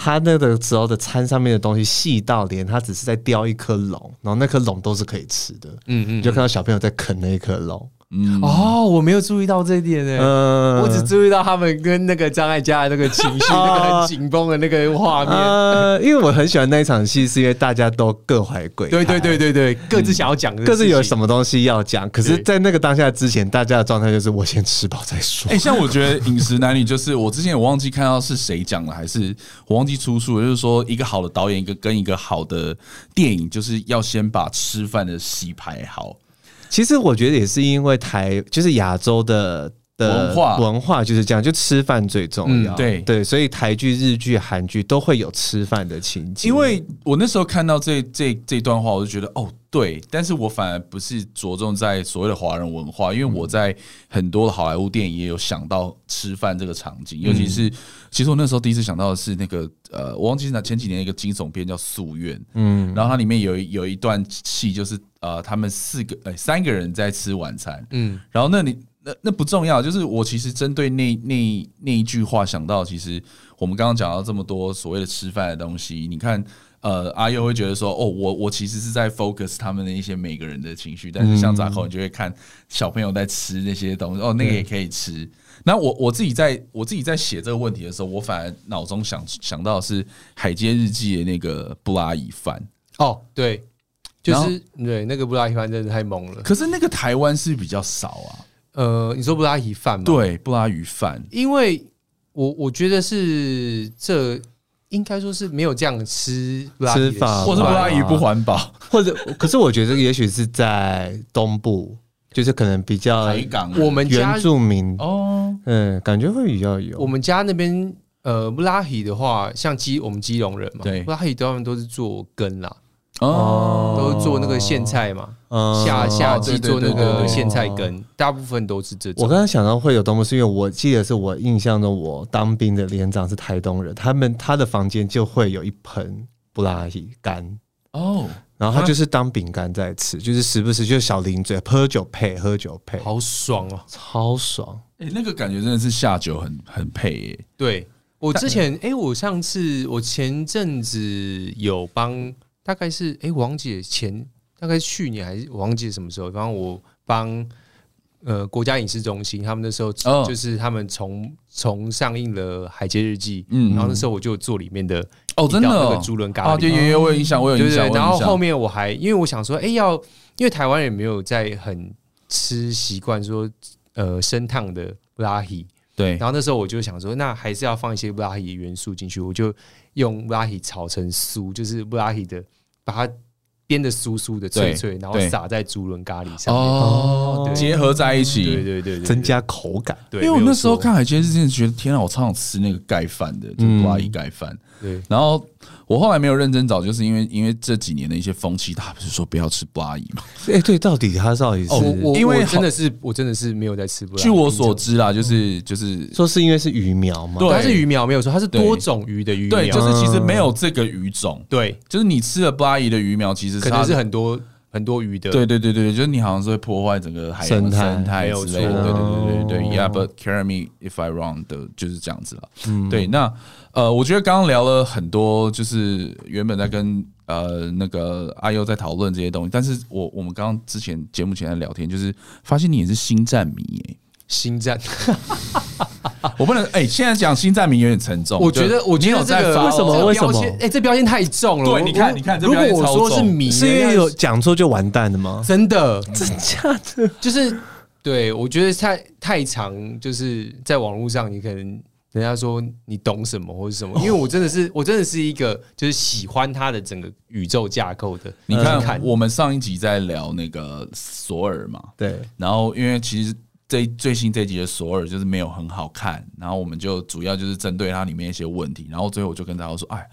Speaker 2: 他那個時候的餐上面，的東西細到連他只是在雕一顆龍，然後那顆龍都是可以吃的。嗯嗯，你就看到小朋友在啃那一顆龍。嗯、哦，
Speaker 3: 我沒有注意到這一點誒、呃，我只注意到他們跟那個張艾嘉的那個情緒、啊，那個很緊繃的那個畫面。
Speaker 2: 呃，因為我很喜歡那一場戲，是因為大家都各懷鬼胎，對對
Speaker 1: 對對對，各自想要講、嗯，各自有什
Speaker 2: 麼東西要講。可是，
Speaker 1: 在那個當下之前，大家的狀態就是我先吃飽再說。哎、欸，像我覺得《飲食男女》就是我之前也忘記看到是誰講了，還是我忘記出處，就是說一個好的導演，一個跟一個好的電影，就是要先把吃飯的戲排好。其實我
Speaker 2: 覺得也是因為台，就是亞洲的的文化，文化就是這樣，就吃飯最
Speaker 1: 重要。嗯、對對，所以台劇、日劇、韓劇都會有吃飯的情節。因為我那時候看到這這這段話，我就覺得哦。對，但是我反而不是着重在所謂的華人文化，因為我在很多的好萊塢電影也有想到吃飯這個場景，尤其是，嗯、其實我那時候第一次想到的是那個呃，我忘記那前幾年一個驚悚片叫《宿怨》，嗯，然後它裡面有一有一段戲就是呃，他們四個哎，欸、三個人在吃晚餐，嗯，然後那你那那不重要，就是我其實針對那那那一，那一句話想到，其實我們剛剛講到這麼多所謂的吃飯的東西，你看。呃，AYO 會覺得說，哦，我我其實是在 focus 他們的一些每個人的情緒，但是像扎口，你就會看小朋友在吃那些東西，嗯嗯嗯哦，那個也可以吃。那我我自己在我自己在寫這個問題的時候，我反而腦中想想到的是《海街日記》的那個布拉伊飯。哦，對，就是對那個布拉伊飯真是太猛了。可是那個台灣是比較少啊。呃，你說布拉伊飯嗎？對，布拉魚飯，因為
Speaker 3: 我我覺得是這。應該說是沒有這樣吃吃法，
Speaker 2: 或是布拉魚不環保、啊，或者，可是我覺得也許是在東部，就是可能比較海港，我們家原住民哦，嗯，感覺會比較有。我
Speaker 3: 們家那邊呃，布拉魚的話，像基我們基隆人嘛，對，布拉魚多半都是做羹啦。哦、oh,，都做那個莧菜嘛，夏夏季做那個莧菜根，oh, 大部分都是這種。我剛才
Speaker 2: 想到會有東西是因為，我記得是我印象中我當兵的連長是台東人，他們他的房間就會有一盆布拉吉乾哦，oh, 然後他就是當餅乾在吃、啊，就是時不時就小零嘴，喝酒
Speaker 1: 配，喝酒配，好爽哦、啊，超爽！哎、欸，那個感覺真的是下酒很很配耶。
Speaker 3: 對，我之前，哎、欸，我上次我前陣子有幫。大概是哎，我、欸、忘記了，前大概是去年還是我忘記什麼時候？然後我幫呃國家影視中心，他們那時候、哦、就是他們從從上映了《海街日記》嗯，然後那時候我就做裡面的哦知道，真的、哦、那個竹輪咖喱，就、啊、有有印象我有印象、就是、有印象然後後面我還因為我想說，哎、欸，要因為台灣人也沒有在很吃習慣說呃生燙的布拉希，對。然後那時候我就想說，那還是要放一些布拉希的元素進去，我就用布拉希炒成酥，就是布拉希的。把它煸的酥酥的、脆脆，然後撒在竹輪咖喱上面，哦，結合在一起，對對對，對，對，增加
Speaker 1: 口感對對。因為我那時候看海鮮真的覺得天啊，我超想吃那個蓋飯的，就瓜一蓋飯。嗯對，然後我後來沒有認真找，就是因為因為這幾年的一些風氣，他不是說不要吃魩仔魚嘛，欸？對，到底他到底是？哦，我我因為我真的是我真的是沒有在吃不。據我所知啦，就是就是說是因為是魚苗嘛，對，對，它是魚苗，沒有錯，它是多種魚的魚苗，對。對，就是其實沒有這個魚種。嗯，對，就是你吃了魩仔魚的魚苗，其實肯定是很多。很多餘的，對對對對，嗯、就是你好像是會破壞整個海洋的生態之類的生態、對，對對對對對、嗯、Yeah, but care me if I wrong 的，就是這樣子了、嗯。對，那呃，我覺得剛剛聊了很多，就是原本在跟呃那個阿優在討論這些東西，但是我我們剛剛之前節目前在聊天，就是發現你也是星戰迷耶、欸，星戰。 我不能哎、欸，現在講星戰迷有點沉重。我覺得，我覺得、這個，我已經有在發什麼為什麼？哎、這個
Speaker 3: 欸，這標籤太重了。對，你看，你看，你看，如果我說是迷，是因為有
Speaker 2: 講錯就，就完蛋了嗎？真的，嗯、
Speaker 3: 真假的，就是對，我覺得太太長，就是在網絡上，你可能人家說你懂什麼或者什麼。因為
Speaker 1: 我真的是、哦，我真的是一個就是喜歡他的整個宇宙架構的。你看看、嗯，我們上一集在聊那個索爾嘛，對。然後，因為其實。這最新這集的索爾就是沒有很好看，然後我們就主要就是針對它裡面一些問題，然後最後我就跟大家說，哎，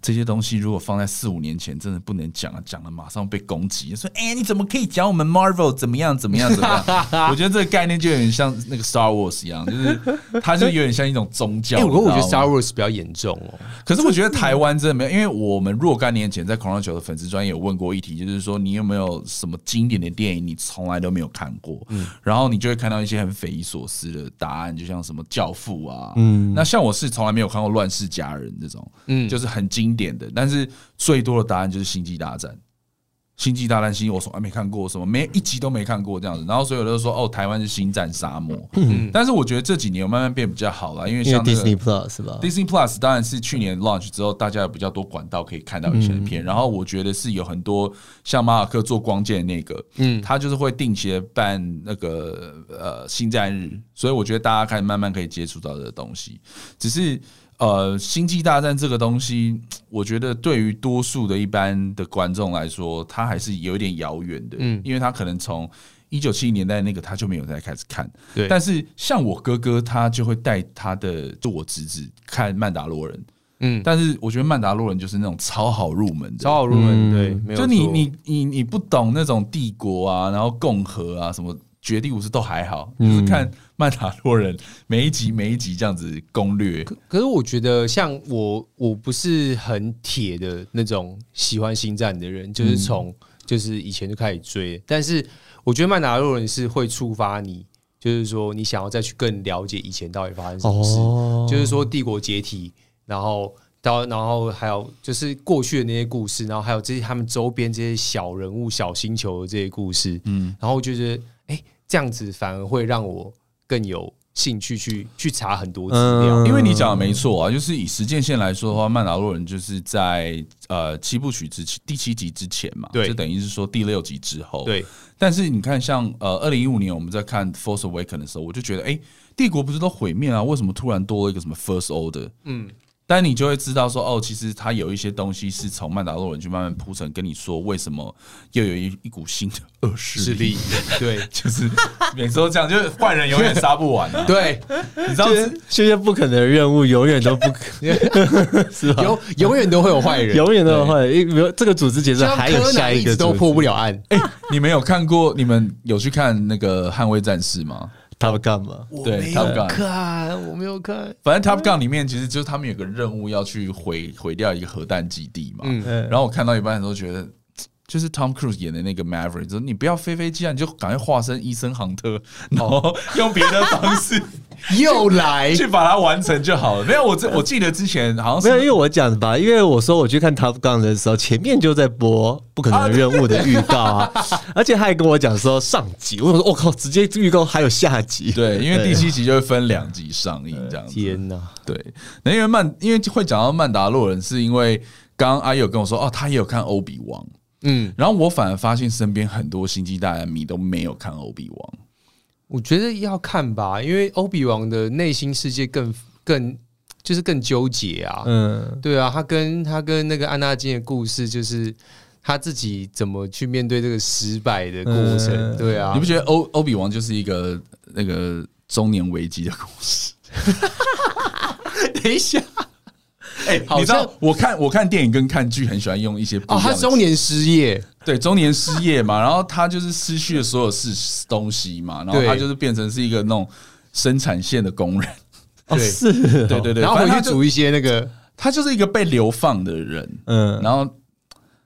Speaker 1: 這些東西如果放在四五年前，真的不能講啊，講了馬上被攻擊，說，哎，你怎麼可以講我們 Marvel 怎麼樣怎麼樣怎麼樣？麼樣我覺得這個概念就有點像那個 Star Wars 一樣，就是它就有點像一種宗教。不過我覺得 Star Wars 比較嚴重哦，可是我覺得台灣真的沒有，因為我們若干年前在狂熱球的粉絲專頁有問過一題，就是說你有沒有什麼經典的電影你從來都沒有看過，然後你就會看到。一些很匪夷所思的答案，就像什麼《教父》啊，嗯，那像我是從來沒有看過《亂世佳人》這種，嗯，就是很經典的，但是最多的答案就是《星際大戰》。星際大戰，星我從來沒看過，什麼每一集都沒看過這樣子，然後所以我就說哦台灣是星戰沙漠、嗯，但是我覺得這幾年慢慢變比較好啦，因為像、那個、因為 Disney Plus 是吧？Disney Plus 當然是去年 launch 之後，大家有比較多管道可以看到以前的片，嗯、然後我覺得是有很多像馬爾克做光劍那個，嗯，他就是會定期的辦那個呃星戰日，所以我覺得大家開始慢慢可以接觸到的東西，只是。呃，星際大戰這個東西，我覺得對於多數的一般的觀眾來說，他還是有一點遙遠的，嗯，因為他可能從一九七零年代那個他就沒有再開始看。對，但是像我哥哥，他就會帶他的，就我侄子看《曼達洛人》，嗯，但是我覺得《曼達洛人》就是那種超好入門，超好入門，嗯，對，就你你你你不懂那種帝國啊，然後共和啊什麼。絕地武士都還好，嗯、就是看曼達洛人每一集每一集這樣子攻略。可是我覺得，像我我不是很鐵的那種喜
Speaker 3: 歡星戰的人，就是從就是以前就開始追。嗯、但是我覺得曼達洛人是會觸發你，就是說你想要再去更了解以前到底發生什麼事。哦、就是說帝國解體，然後到然後還有就是過去的那些故事，然後還有這些他們周邊這些小人物、小星球的這些故事。嗯，然後就是。哎，這樣子反而會讓我更有興趣去去查很多資料、嗯，因為你講的沒錯
Speaker 1: 啊，就是以時間線來說的話，曼達洛人就是在呃七部曲之七第七集之前嘛，對，就等於是說第六集之後，對。但是你看像，像呃二零一五年我們在看《Force Awaken》的時候，我就覺得，哎、欸，帝國不是都毀滅啊？為什麼突然多了一個什麼 First Order？嗯。但你就會知道說，哦，其實他有一些東西是從曼達洛人去慢慢鋪成，跟你說為什麼又有一一股新的惡勢力。對，就是每次都這樣，就是壞人永遠殺不完、啊、對，對，你知道是、就是，謝謝不可能的任務永遠都不可， 是吧？永永遠都會有壞人、嗯永，永遠都會。比如這個組織結構還有下一個一都破不了案。哎，你們有看過？你們有去看那個《捍衛戰士》嗎？Top Gun 嗎？我沒有看，嗯、我沒有看。反正 Top Gun 裡面，其實就是他們有個任務要去毀毀掉一個核彈基地嘛、嗯嗯。然後我看到一半的時候覺得。就是 Tom Cruise 演的那個 Maverick，你不要飛飛機啊，你就趕快化身伊森杭特，然後用別的方式 又來 去，去把它完成就好了。沒有我這，我記得之前好像沒有，因
Speaker 2: 為我講的吧，因為我說我去看 Top Gun 的時候，前面就在播《不可能的任務》的預告啊，對對對對，而且他還跟我講說上集，我說我、哦、
Speaker 1: 靠，直接預告還有下集，對，因為第七集就會分兩集上映這樣、呃、天吶，對，那因為曼，因為會講到曼達洛人，是因為剛剛阿友跟我說哦，他也有看歐比王。嗯，然後我反而發現身邊很多星際大戰迷都沒有看歐比王，我覺得要看吧，因為歐比王的內心世界更
Speaker 3: 更就是更糾結啊，嗯，對啊，他跟他跟那個安娜金的故事，就是他自己怎麼去面對這個失敗的過程，嗯、對啊，你不
Speaker 1: 覺得歐歐比王就是一個那個中年危機的故事？ 等一下。哎、欸，你知道我看我看電影跟看劇很喜歡用一些哦，他中年失業，對，中年失業嘛， 然後他就是失去了所有事東西嘛，然後他就是變成是一個那種生產線的工人，對，哦、是、哦，對對對，然後回去煮一些那個他，他就是一個被流放的人，嗯，然後。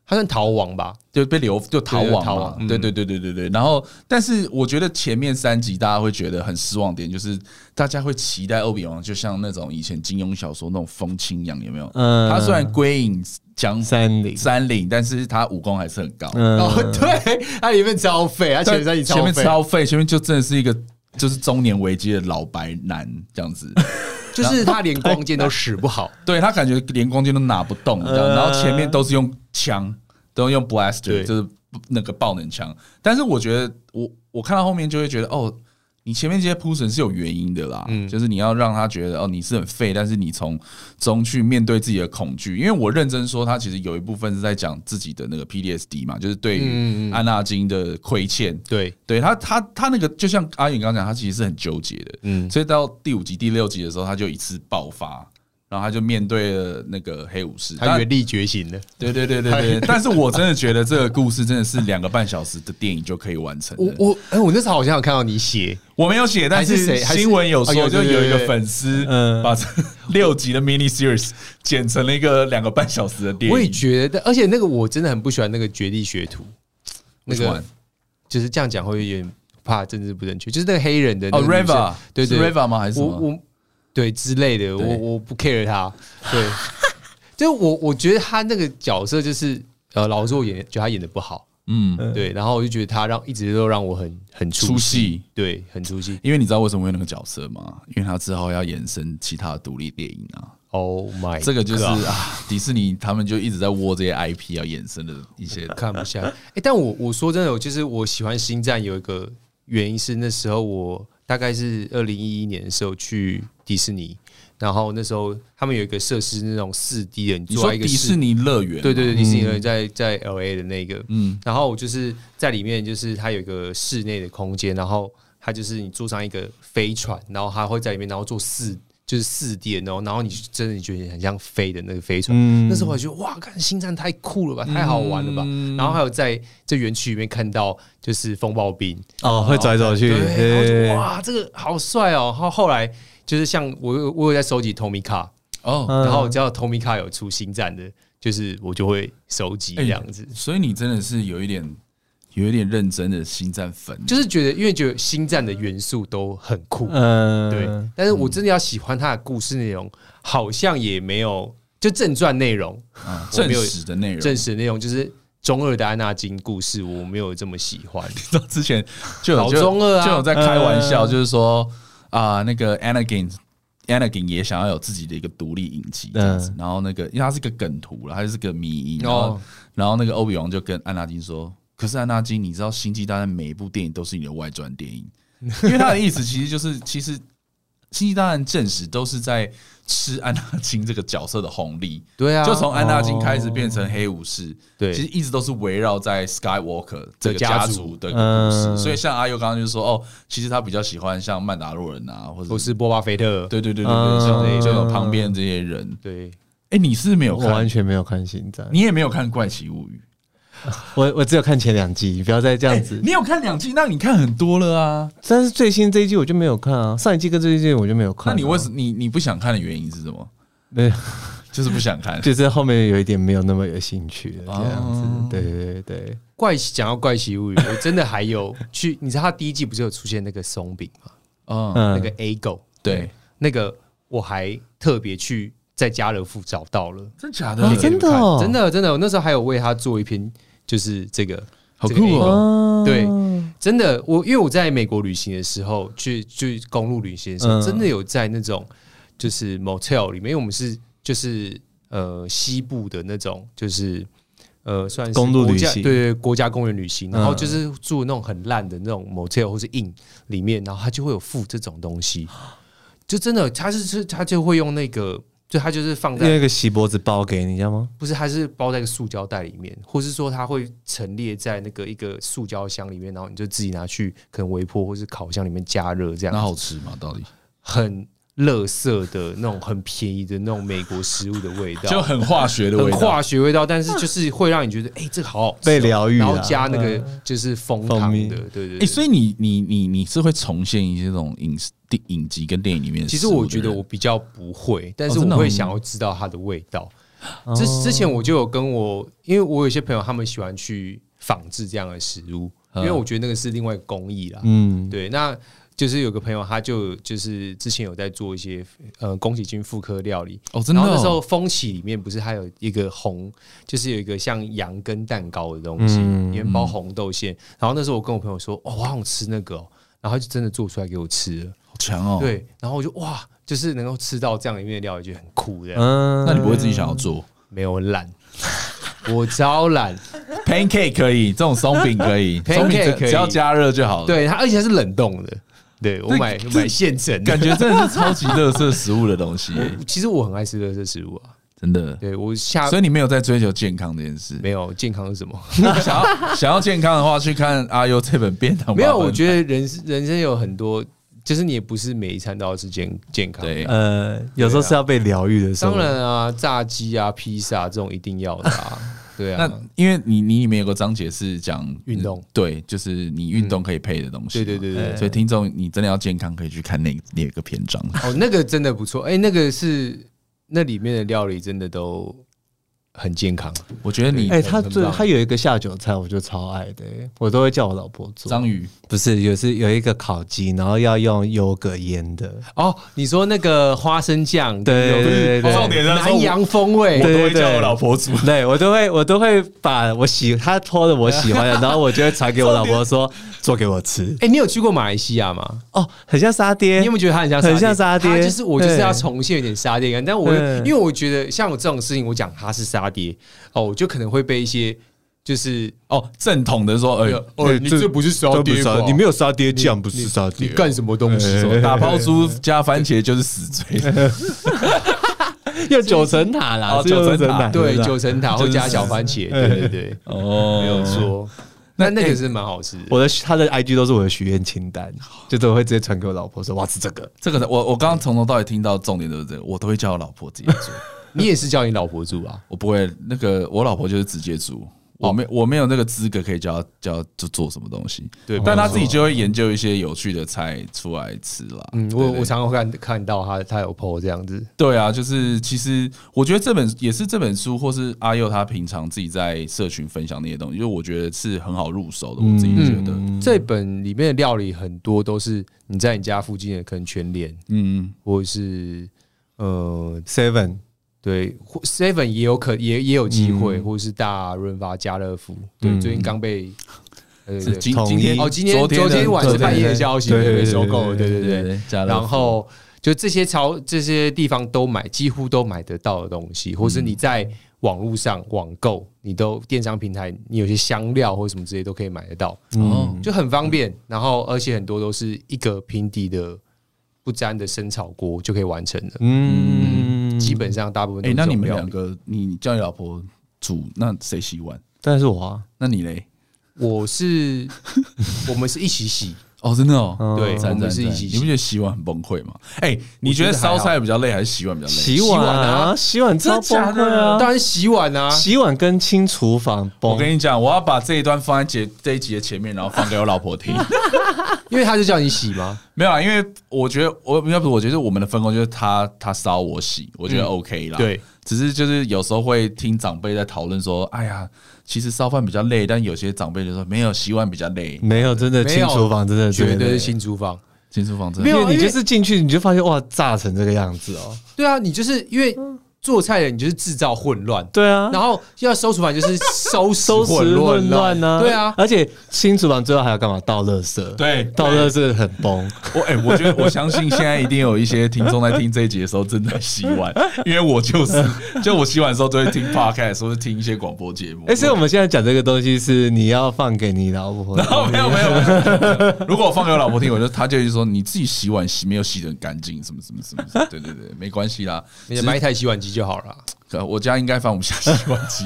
Speaker 1: 他算逃亡吧，就被流就逃亡嘛，對對對對對對，對。然後，但是我覺得前面三集大家會覺得很失望點，就是大家會期待歐比王就像那種以前金庸小說那種風清揚一樣，有沒有？嗯，他雖然歸隱江山嶺，山嶺，但是他武功還是很高。哦，對，他裡面超廢，而且在你前面超廢，前面就真的是一個就是中年危機的老白男這樣子。
Speaker 3: 就是他連光劍都
Speaker 1: 使不好，對，他感覺連光劍都拿不動，這樣，然後前面都是用槍，都用 blaster，就是那個爆能槍。但是我覺得，我我看到後面就會覺得，哦。你前面這些鋪陳是有原因的啦，就是你要讓他覺得哦，你是很廢，但是你從中去面對自己的恐懼。因為我認真說，他其實有一部分是在講自己的那個 PTSD 嘛，就是對於安娜金的虧欠，嗯。嗯嗯、對，對他他他那個就像阿允剛剛講，他其實是很糾結的。嗯，所以到第五集第六集的時候，他就一次爆發。然後他就面對了那個黑武士，他原力覺醒的。對對對對對，對。但是我真的覺得這個故事真的是兩個半小時的電影就可以完成我。我我哎，我那時候好像有看到你寫，我沒有寫，但是新聞有說，就有一個粉絲把這六集的 mini series 剪成了一個兩個半小時的電影。我也
Speaker 3: 覺得，而且那個我真的很不喜歡那個絕地學徒，什、那個就是這樣講會有點怕政治不正確，就是那個黑人的哦 Reva 對對 Reva 嗎？還是什麼對之類的，我我不 care 他，對， 就我我覺得他那個角色就是
Speaker 1: 呃，老實說我演，覺得他演得不好，嗯，對，然後我就覺得他讓一直都讓我很很出戲，對，很出戲。因為你知道為什麼會有那個角色嗎？因為他之後要衍生其他獨立電影啊，Oh my，、God、這個就是啊，迪士尼他們就一直在握這些 IP 要衍生的一些的 看不下哎、
Speaker 3: 欸，但我我說真的，我其實我喜歡《星戰》有一個原因是那時候我。大概是二零一一年的時候去迪士尼，然後那時候他們有一個設施，那種四 D 的，你坐在一個4，你說迪士尼樂園？對對對，迪士尼樂園在在 L A 的那個。嗯，然後就是在裡面，就是它有一個室內的空間，然後它就是你坐上一個飛船，然後它會在裡面，然後坐四 D。就是四 D 哦，然後你真的你覺得很像飛的那個飛船。嗯、那時候我就覺得哇，看星戰太酷了吧，太好玩了吧。嗯、然後還有在這園區裡面看到就是風暴兵哦，會走來走去。哇，這個好帥哦、喔。然後後來就是像我，我有在收集 TOMICA
Speaker 1: 哦、嗯，然後只
Speaker 3: 要 TOMICA 有出星戰的，就是我就會收集這樣子、
Speaker 1: 欸。所以你真的是有一點。有一點認真的星戰粉，就是覺得因為覺得星戰的元素都很酷，嗯，對。但是我真的要喜歡他的故事內容，
Speaker 3: 嗯，好像也沒有就正傳內容啊，正史的內容，正史的內容就是
Speaker 1: 中二的安納金故事，我沒有這麼喜歡。 之前就有就、啊、就有在開玩笑，嗯、就是說啊、呃，那個 Anakin、嗯、Anakin 也想要有自己的一個獨立影集這樣子，嗯。然後那個，因為他是個梗圖了，他就是個迷因，然後、哦、然後那個歐比王就跟安納金說。可是安娜金，你知道《星際大戰》每一部電影都是你的外傳電影，因為他的意思其實就是，其實《星際大戰》正史都是在吃安娜金這個角色的紅利。對啊，就從安娜金開始變成黑武士，對，其實一直都是圍繞在 Skywalker 這個家族的故事。所以像阿尤剛剛就說，哦，其實他比較喜歡像曼達洛人啊，或者不是波巴菲特，對對對對對，對，像像旁邊這些人，對。哎，你是沒有看，我完全沒有看《星戰》，你也沒有看《怪奇物語》。
Speaker 2: 我我只有看前兩季，你不要再這樣子。欸、你
Speaker 1: 有看兩季，那你看很多了
Speaker 2: 啊。但是最新這一季我就沒有看啊。上一季跟這一季我就沒有看、啊。那你為
Speaker 1: 什麼？你你不想看的原因是什麼？沒有、欸，就是不想看，就
Speaker 2: 是後面有一點沒有那麼有興趣這樣子、哦。對對對對。
Speaker 3: 怪奇，講到怪奇物語，我真的還有去。 你知道他第一季不是有出現那個鬆餅嗎？嗯、
Speaker 2: 哦，那個
Speaker 3: Ago、嗯、對，對，那個我還特別去在家樂福找到了，真假的？啊、真的、哦、真的真的。我那時候還有為他做一篇。就是這個，好酷哦，喔，這個啊！對，真的，我因為我在美國旅行的時候，去去公路旅行的時候，嗯，真的有在那種就是 motel 裡面，因為我們是就是呃西部的那種，就是呃算是公路旅行，對對，對，國家公園旅行，然後就是住那種很爛的那種 motel 或是 inn 裡面，然後他就會有附這種東西，就真的他是是，他就會用那個。就它就是放在那個
Speaker 2: 錫箔紙包給你，知道嗎？
Speaker 3: 不是，它是包在一個塑膠袋裡面，或是說它會陳列在那個一個塑膠箱裡面，然後你就自
Speaker 2: 己拿去可能微波或
Speaker 3: 是烤箱裡面加熱這樣，那好吃嗎？到底很。垃圾的那種很便宜的那種美國食物的味道，就很化學的味道，很化學味道、嗯，但是就是會讓你覺得，哎、欸，這個好好吃被療癒，然後加那個就是蜂糖的，嗯、對,對對。哎、欸，所以
Speaker 1: 你你你你是會重現一些這種影視、影集跟電影裡面？其實我覺得我比較不會、嗯，但是我會想要知道它的味道。之、哦、之前我
Speaker 3: 就有跟我，因為我有些朋友他們喜歡去仿制這樣的食物、嗯，因為我覺得那個是另外一個工藝啦。嗯，對，那。就是有個朋友，他就就是之前有在做一些呃宮崎駿復刻料理、oh, 哦，真的。那時候風起裡面不是還有一個紅，就是有一個像羊羹蛋糕的東西，嗯、裡面包紅豆餡、嗯。然後那時候我跟我朋友說，哇、哦，我想吃那個、哦，然後就真的做出來給我吃了，
Speaker 1: 好強哦。對，
Speaker 3: 然後我就哇，就是能夠吃到這樣裡面的料，也就很酷的。嗯，那你不會自己想要做？
Speaker 1: 嗯、沒有懶， 我超懶。Pancake 可以， 這種鬆餅可以，鬆餅可以，只要加熱就好了。對，它而且它是冷凍的。對我買買現成，感覺真的是超級垃圾食物的東西。 其實我很愛吃垃圾食物啊，真的對。對我下，所以你沒有在追求健康這件事，嗯。沒有，健康是什麼？ 想要想要健康的話，去看 AYO 這本《變態》。沒有，我覺得人
Speaker 3: 人生有很多，就是你也不是每一餐都要吃健健康的。對，
Speaker 2: 呃，有時候是要被
Speaker 1: 療癒的時候，啊。當然啊，炸雞啊、披薩、啊、這種一定要的啊。 對、啊，那因為你你裡面有個章節是講運動、嗯，對，就是你運動可以配的東西、嗯，對對對對、欸，所以聽眾你真的要健康，可以去看那那個篇章。
Speaker 3: 哦，那個真的不錯，哎、 欸，那個是
Speaker 2: 那裡面的料理真的都。很健康，
Speaker 1: 我覺得你哎、欸，他做他
Speaker 2: 有一個下酒菜，我就超愛的、欸，我都會叫我老婆做。章魚不是，有、就是有一個烤雞，然後要用優格醃的。哦，你說那個花生醬，對對對，南
Speaker 3: 洋風味，對對對，我都會叫我老婆
Speaker 2: 煮。對我都會我都會把我喜他做的我喜歡的， 然後我就會傳給我老婆說 做給我吃。哎、欸，你有去過馬來西亞嗎？哦，很像沙爹，你有沒有覺得他很像沙很像沙爹？就是我就是要重現一點沙爹
Speaker 3: 感。但我因為我覺得像我這種事情，我講他是沙。沙爹哦，我就可能會被一些
Speaker 1: 就是哦正統的說，哎、欸欸，你這不是沙爹，爹，你沒有沙爹醬，這樣不是沙爹，啊，你幹什麼東西、欸欸？打拋豬加番茄就是死罪，
Speaker 2: 要 九層塔啦，是是然後九層塔對，九層塔會加小番茄，就
Speaker 1: 是，對對對，哦，
Speaker 3: 沒有錯，嗯，那那個是蠻好吃、
Speaker 2: 欸。我
Speaker 1: 的他的 IG 都是我的許願清單，就都、是、會直接傳給我老婆說，哇，是這個，這個我我剛剛從頭到尾聽到重點的人，這個，我都會叫我老婆自己做。 你也是叫你老婆煮啊？我不會，那個，我老婆就是直接煮，oh. 我沒我沒有那個資格可以教教做做什麼東西。對，oh. 但她自己就會研究一些有趣的菜出來吃啦。嗯，對對對，我我常常會看看到她她有 po 這樣子。對啊，就是其實我覺得這本也是這本書，或是阿佑他平常自己在社群分享那些東西，就我覺得是很好入手的。Mm-hmm. 我自己覺得、嗯、這本裡面的料理很多
Speaker 3: 都是你在你家附近的，可能全聯。嗯嗯，
Speaker 1: 或
Speaker 3: 者是呃、uh,
Speaker 2: seven。對
Speaker 3: ，Seven 也有可也也有機會、嗯，或者是大潤發、家樂福。對，嗯、最近剛被呃、嗯，今今天,天哦，今天昨天晚上半夜消息被收購，對對對。對對對對對對對對然後就這些超這些地方都買，幾乎都買得到的東西，或是你在網絡上網購、嗯，你都電商平台，你有些香料或什麼之類都可以買得到，嗯、就很方便。然後而且很多都是一個平底的不粘的生炒鍋就可以完成了，嗯。嗯基本上大部分。哎、欸，那你們兩個，
Speaker 1: 你叫你老婆煮，那誰洗碗？當然是我啊。那你咧？我是， 我們是一起洗。哦、oh，真的哦，對，真、哦、們是一起洗。你不覺得洗碗很崩潰嗎？
Speaker 2: 哎、欸，你覺得燒菜比較
Speaker 1: 累還，還是洗碗比較累？洗碗啊，洗碗真崩潰啊，啊！當然洗碗啊，洗碗跟清廚房崩。我跟你講，我要把這一段放在這一集的前面，然後放給我老婆聽， 因為他就叫你洗嗎？沒有啊，因為我覺得我，要不我覺得我們的分工就是他她燒我洗，我覺得 OK 啦。嗯、對。只是就是有時候會聽長輩在討論說，哎呀，其實燒飯比較累，但有些長輩就說沒有洗碗比較累，沒有真的新廚房，真的，對，真的對，絕對是新廚房，新廚房真的，沒有、啊、因為你就是進去，你就發現哇，炸成這個樣子哦，
Speaker 2: 對啊，你就是因為。做菜的你就是製造混亂，對啊，然後要收廚房就是收拾 收拾混亂呢、啊，對啊，而且清廚房最後還要幹嘛倒垃圾，對、欸，倒垃圾
Speaker 1: 很崩。我哎、欸，我覺得我相信現在一定有一些聽眾在聽這一集的時候正在洗碗， 因為我就是就我洗碗的時候都會聽 podcast，說是聽一些廣播節目。哎、欸，所以我們現在講這個東西是你要放給你老婆，然後沒有沒有，如果我放給我老婆聽，我就，她就會說你自己洗碗洗沒有洗得很乾淨，什麼什麼什麼，對對對，沒關係啦，你也買一台洗碗機。就好了。我家應該放不下洗碗機，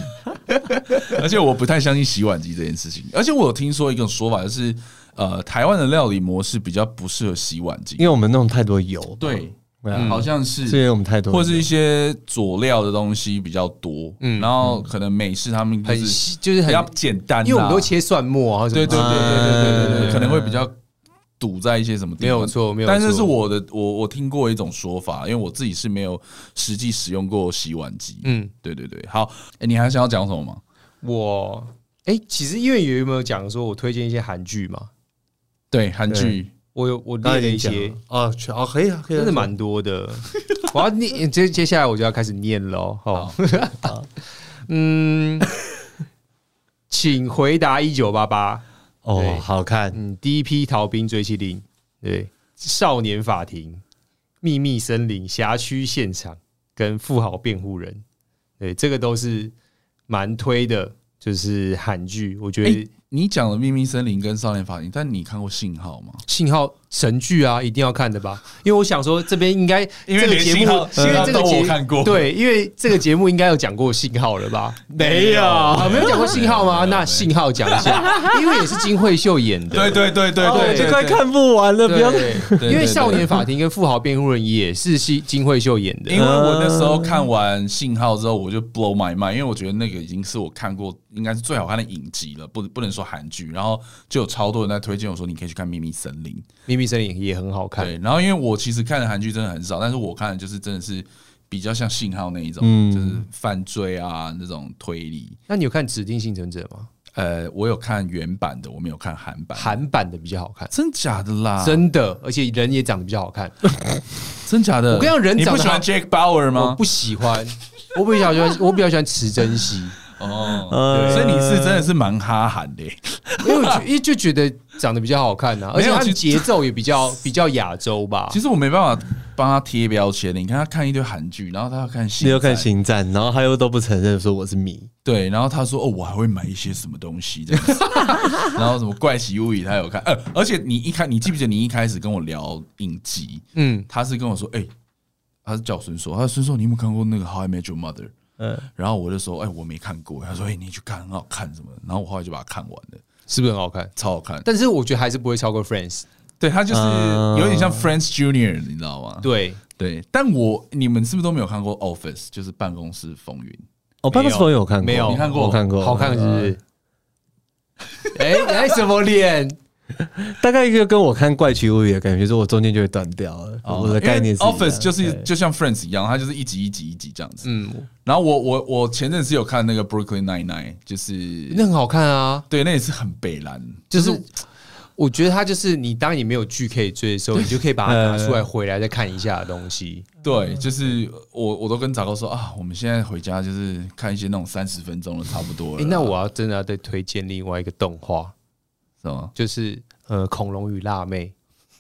Speaker 1: 而且我不太相信洗碗機這件事情。而且我有聽說一個說法，就是呃，台灣的料理模式比較不適合洗碗機，
Speaker 2: 因為我們弄太多油，對、嗯，好像是，是因為我們太多，或者是一
Speaker 1: 些佐料的東西比較多，嗯，然後可能美式他們很就是比較簡單，因為我們都切
Speaker 3: 蒜末，對對對對對對對,對，嗯嗯、可能會比
Speaker 1: 較。堵在一些什麼地方沒？沒有錯，沒有錯。但是是我的，我我聽過一種說法，因為我自己是沒有實際使用過洗碗機。嗯，對對對。好，哎、欸，你還想要講什麼嗎？我
Speaker 3: 哎、欸，其實因為有沒有講說我推薦一些韓劇嘛？
Speaker 1: 對，韓劇。
Speaker 3: 我有，我念一些啊啊、哦，可以啊，真的蠻多的。 我要念接接下來我就要開始念了，好, 好。嗯， 請回答一九八八。哦，好看。嗯，D.P. 逃兵追緝令，對，少年法庭、祕密森林、轄區現場跟富豪辯護人，對，這個都是蠻推的，就是
Speaker 1: 韓劇。我覺得、欸、你講的祕密森林跟少年法庭，但你看過信號嗎？信號。神劇啊，一定要看的吧？因為我想說這這，這邊應該因為這個節目，因為這個節目對，因
Speaker 3: 為這個節目應該有講過信號了吧？沒有，沒有講過信號嗎？那信號講一下，因為也是金惠秀演的。對對對對對，就快看
Speaker 2: 不完了，
Speaker 1: 不要因為少年法
Speaker 3: 庭跟富豪辯護人也
Speaker 1: 是金惠秀演的。因為我那時候看完信號之後，我，我就 blow my mind，因為我覺得那個已經是我看過應該是最好看的影集了，不不能說韓劇。然後就有超多人在推薦我說，你可以去看秘密森林。B 生也很好看，對。然後因為我其實看的韓劇真的很少，但是我看的就是真的是比較像信號那一種，嗯、就是犯罪啊那種推理。那你有看《指定幸存者》嗎？呃，我有看原版的，我沒有看韓版。韓版的比較好看，真假的啦？真的，而且人也長得比較好看， 真假的。我跟你講，人你不喜歡 Jack Bauer 嗎？
Speaker 3: 我不喜歡。我比較喜歡，我比較喜歡池珍
Speaker 1: 熙哦、呃，所以你是真的是蠻哈韓的，因 為我就覺得。長得比較好看呢、啊，而且他的節奏也比較比較亞洲吧。其實,其實我沒辦法幫他貼標籤你看他看一堆韓劇，然後他要看新，要看星戰，然後他又都不承認說我是迷。對，然後他說：“哦，我還會買一些什麼東西這樣。”然後什麼怪奇物語他有看。呃，而且你一開，你記不記得你一開始跟我聊影集？嗯，他是跟我說：“哎、欸，他是叫孫碩。”他說：“孫碩，你有沒有看過那個《How I Met Your Mother》？”嗯，然後我就說：“哎、欸，我沒看過。”他說：“哎、欸，你去看很好看什麼的。”然後我後來就把它看完了。是不是很好看，超好看！但是我覺得還是不會超過 Friends，對，他就是有點像 Friends Junior，、uh... 你知道嗎？對對，但我你們是不是都沒有看過 Office，就是辦公室風雲、哦？辦公室風雲有看過？沒有？你看過？我看過？好看是不是？哎、嗯，你愛、欸、什麼臉？
Speaker 2: 大概一個跟我看怪奇物語的感覺，就是我中間就會斷掉了。哦、我的概念是，Office 就
Speaker 1: 是就像 Friends 一樣，它就是一集一集一集這樣子。嗯，然後我我我前陣子有看那個 Brooklyn Nine Nine，就是那很好看啊。對，那也是很北蘭，就是、就是、我覺得它就是你當你沒有劇
Speaker 3: 可以追的時候，你就可以把它拿出來回來再看一下東西、嗯。
Speaker 1: 對，就是
Speaker 3: 我我都跟長哥說啊，
Speaker 1: 我們現在回家就是看一些那種三十分鐘的差不多了。了、欸。那我要真的要
Speaker 3: 再推薦另外一個動畫。什麼？就是呃，恐龍與辣妹，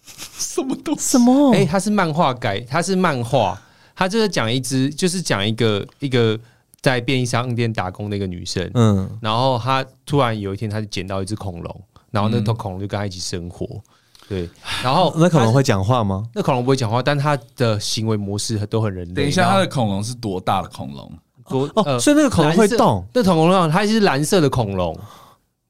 Speaker 3: 什
Speaker 2: 麼東西什麼？
Speaker 3: 哎、欸，它是漫畫改，它是漫畫，它就是講一隻，就是講一個一個在便利商店打工的一個女生，嗯，然後她突然有一天，她就撿到一隻恐龍，然後那頭恐龍就跟她一起生活，嗯、對，然後那恐龍會講話嗎？那恐龍不會講話，但它的行為模式都很人類。等一下，它的恐龍是多大的恐龍？
Speaker 2: 多哦、呃、哦，所以那個恐龍會動，
Speaker 3: 那恐龍它是藍色的恐龍。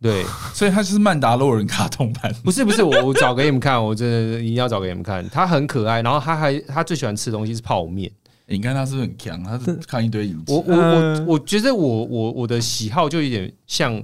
Speaker 3: 對，所以他就是《曼達洛人》卡通版。不是不是我，我找給你們看，我真的一定要找給你們看。他很可愛，然後他還他最喜歡吃的東西是泡麵、欸。你看他是不是很強？他
Speaker 1: 是看一堆影
Speaker 3: 子。我我我我覺得我我我的喜好就有點像，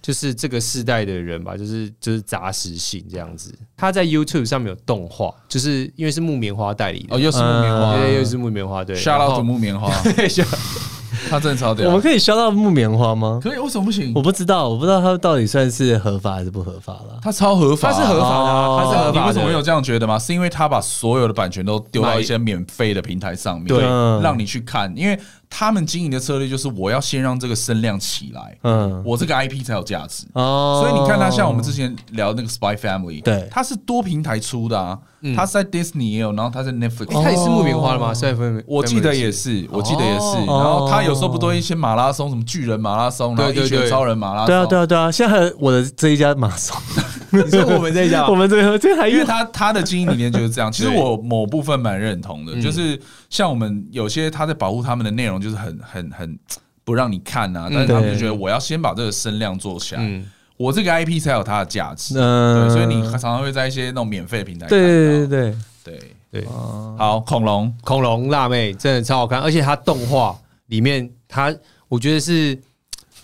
Speaker 3: 就是這個世代的人吧，就是就是雜食性這樣子。他在 YouTube 上面有動畫，就是因為是木棉花代理的哦，又是木棉花、嗯對，又是木棉花，對，shout out 木棉花。
Speaker 2: 他真的超屌，我們可以削到木棉花嗎？可
Speaker 1: 以，為什麼不行？我
Speaker 2: 不知道，我不知道他到底算是合法還是不合法了。他超合法啊，他是合法的啊，他是合法。你為什麼有
Speaker 1: 這樣覺得嗎？是因為他把所有的版權都丟到一些免費的平台上面，對，讓你去看，因為。他們經營的策略就是，我要先讓這個聲量起來，嗯，我這個 IP 才有價值。哦，所以你看，他像我們之前聊的那個 Spy Family，對，他是多平台出的啊，嗯，他是在 Disney，也有，然後他在 Netflix，哦欸、他也是木棉花的嗎？哦，我記得也是，哦，我記得也是、哦。哦，然後他有時候不都一些馬拉松，什麼巨人馬拉松，然後一些超人馬拉松，對啊，
Speaker 2: 對啊，對啊。現在還有我的這一家馬拉松， 你說我們這一家，我
Speaker 1: 們這個這還因為他他的經營理念就是這樣。其實我某部分蠻認同的，就是。像我們有些他在保護他們的內容，就是很很很不讓你看吶、啊，但是他們就覺得我要先把這個聲量做起來，我這個 IP 才有它的價值、嗯，所以你常常會在一些那種免費的平台。對
Speaker 2: 對對，對對對
Speaker 1: 對對好，恐龍恐龍辣妹真的超好看，而且
Speaker 3: 它動畫裡面它我覺得是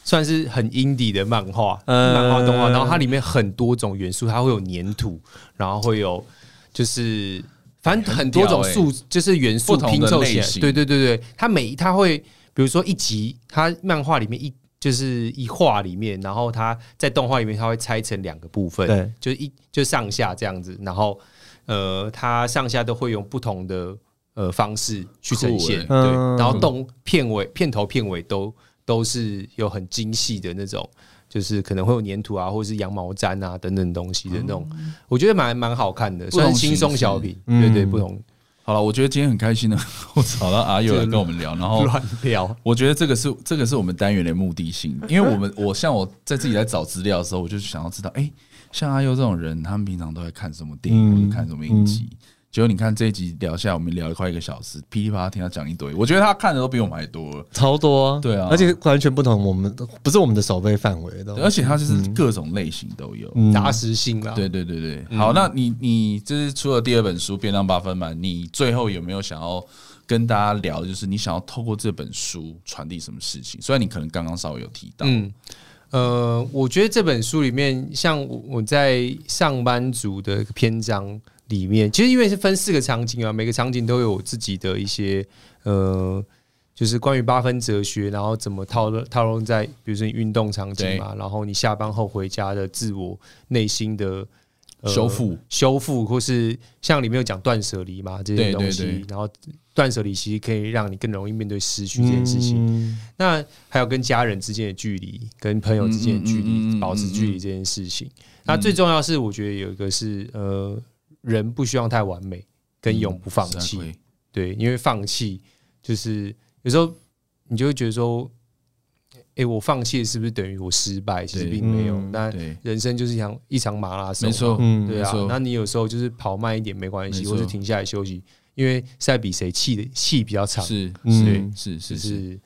Speaker 3: 算是很 indie 的漫畫，漫畫動畫，然後它裡面很多種元素，它會有粘土，然後會有就是。反正很多種素，就是元素拼湊起來。對對對對，它每一它會，比如說一集，它漫畫裡面一就是一畫裡面，然後它在動畫裡面它會拆成兩個部分，對，就一就上下這樣子，然後呃，它上下都會用不同的呃方式去呈現、欸，對，然後動片尾、片頭、片尾都都是有很精細的那種。就是可能會有粘土啊，或者是羊毛氈啊等等東西的那種，我覺得蠻蠻好看的。算是輕鬆小
Speaker 1: 品，對，對對，不同，嗯。好了，我覺得今天很開心呢，我找到阿尤來跟我們聊，然後聊。我覺得這個是這個是我們單元的目的性，因為我們我像我在自己來找資料的時候，我就想要知道，哎，欸，像阿尤這種人，他們平常都在看什麼電影、嗯，或者看什麼影集？嗯就你看這一集聊下來，我們聊了快一個小時，噼裡啪啦聽他講一堆，我覺得他看的都比我們還多，超多、啊，對啊，而且
Speaker 2: 完全不同，我們不是我們的守備範圍，
Speaker 1: 的，而且他就是各種類型都有，扎、嗯、實性啊，對對對對。好，嗯、那你你就是除了第二本書《便當八分滿》嘛，你最後有沒有想要跟大家聊，就是你想要透過這本書傳遞什麼事情？雖然你可能剛剛稍微有提到，嗯，
Speaker 3: 呃，我覺得這本書裡面，像我在上班族的篇章。裡面其實因為是分四個場景啊，每個場景都有自己的一些呃，就是關於八分哲學，然後怎麼套套用在比如說運動場景嘛，然後你下班後回家的自我內心的、呃、修復修復，或是像裡面有講斷捨離嘛這些東西，對對對，然後斷捨離其實可以讓你更容易面對失去這件事情。嗯、那還有跟家人之間的距離，跟朋友之間的距離、嗯嗯嗯嗯嗯嗯嗯嗯、保持距離這件事情。那最重要是我覺得有一個是呃。人不希望太完美，跟永不放棄、嗯啊。對，因為放棄就是有時候你就會覺得說，哎、欸，我放棄是不是等於我失敗？其實並沒有。那、嗯、人生就是像一場馬拉松，沒、嗯、對啊沒。那你有時候就是跑慢一點沒關係，或者停下來休息，嗯、因為賽比誰氣的氣比較長。是，嗯就是，是。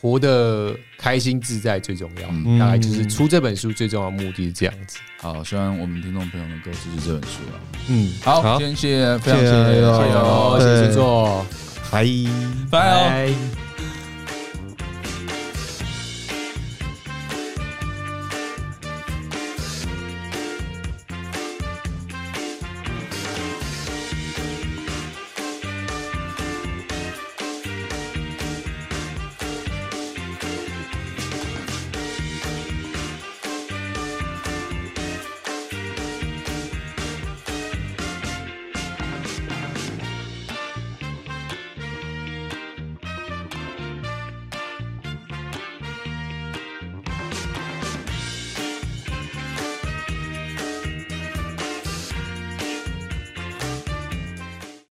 Speaker 3: 活得開心自在最重要，大概就是出這
Speaker 1: 本書最重要的目的是這樣子。好，希望我們聽眾朋友的歌就是這本書啊，嗯，好，謝謝，非常謝謝，謝謝謝謝
Speaker 2: 拜拜。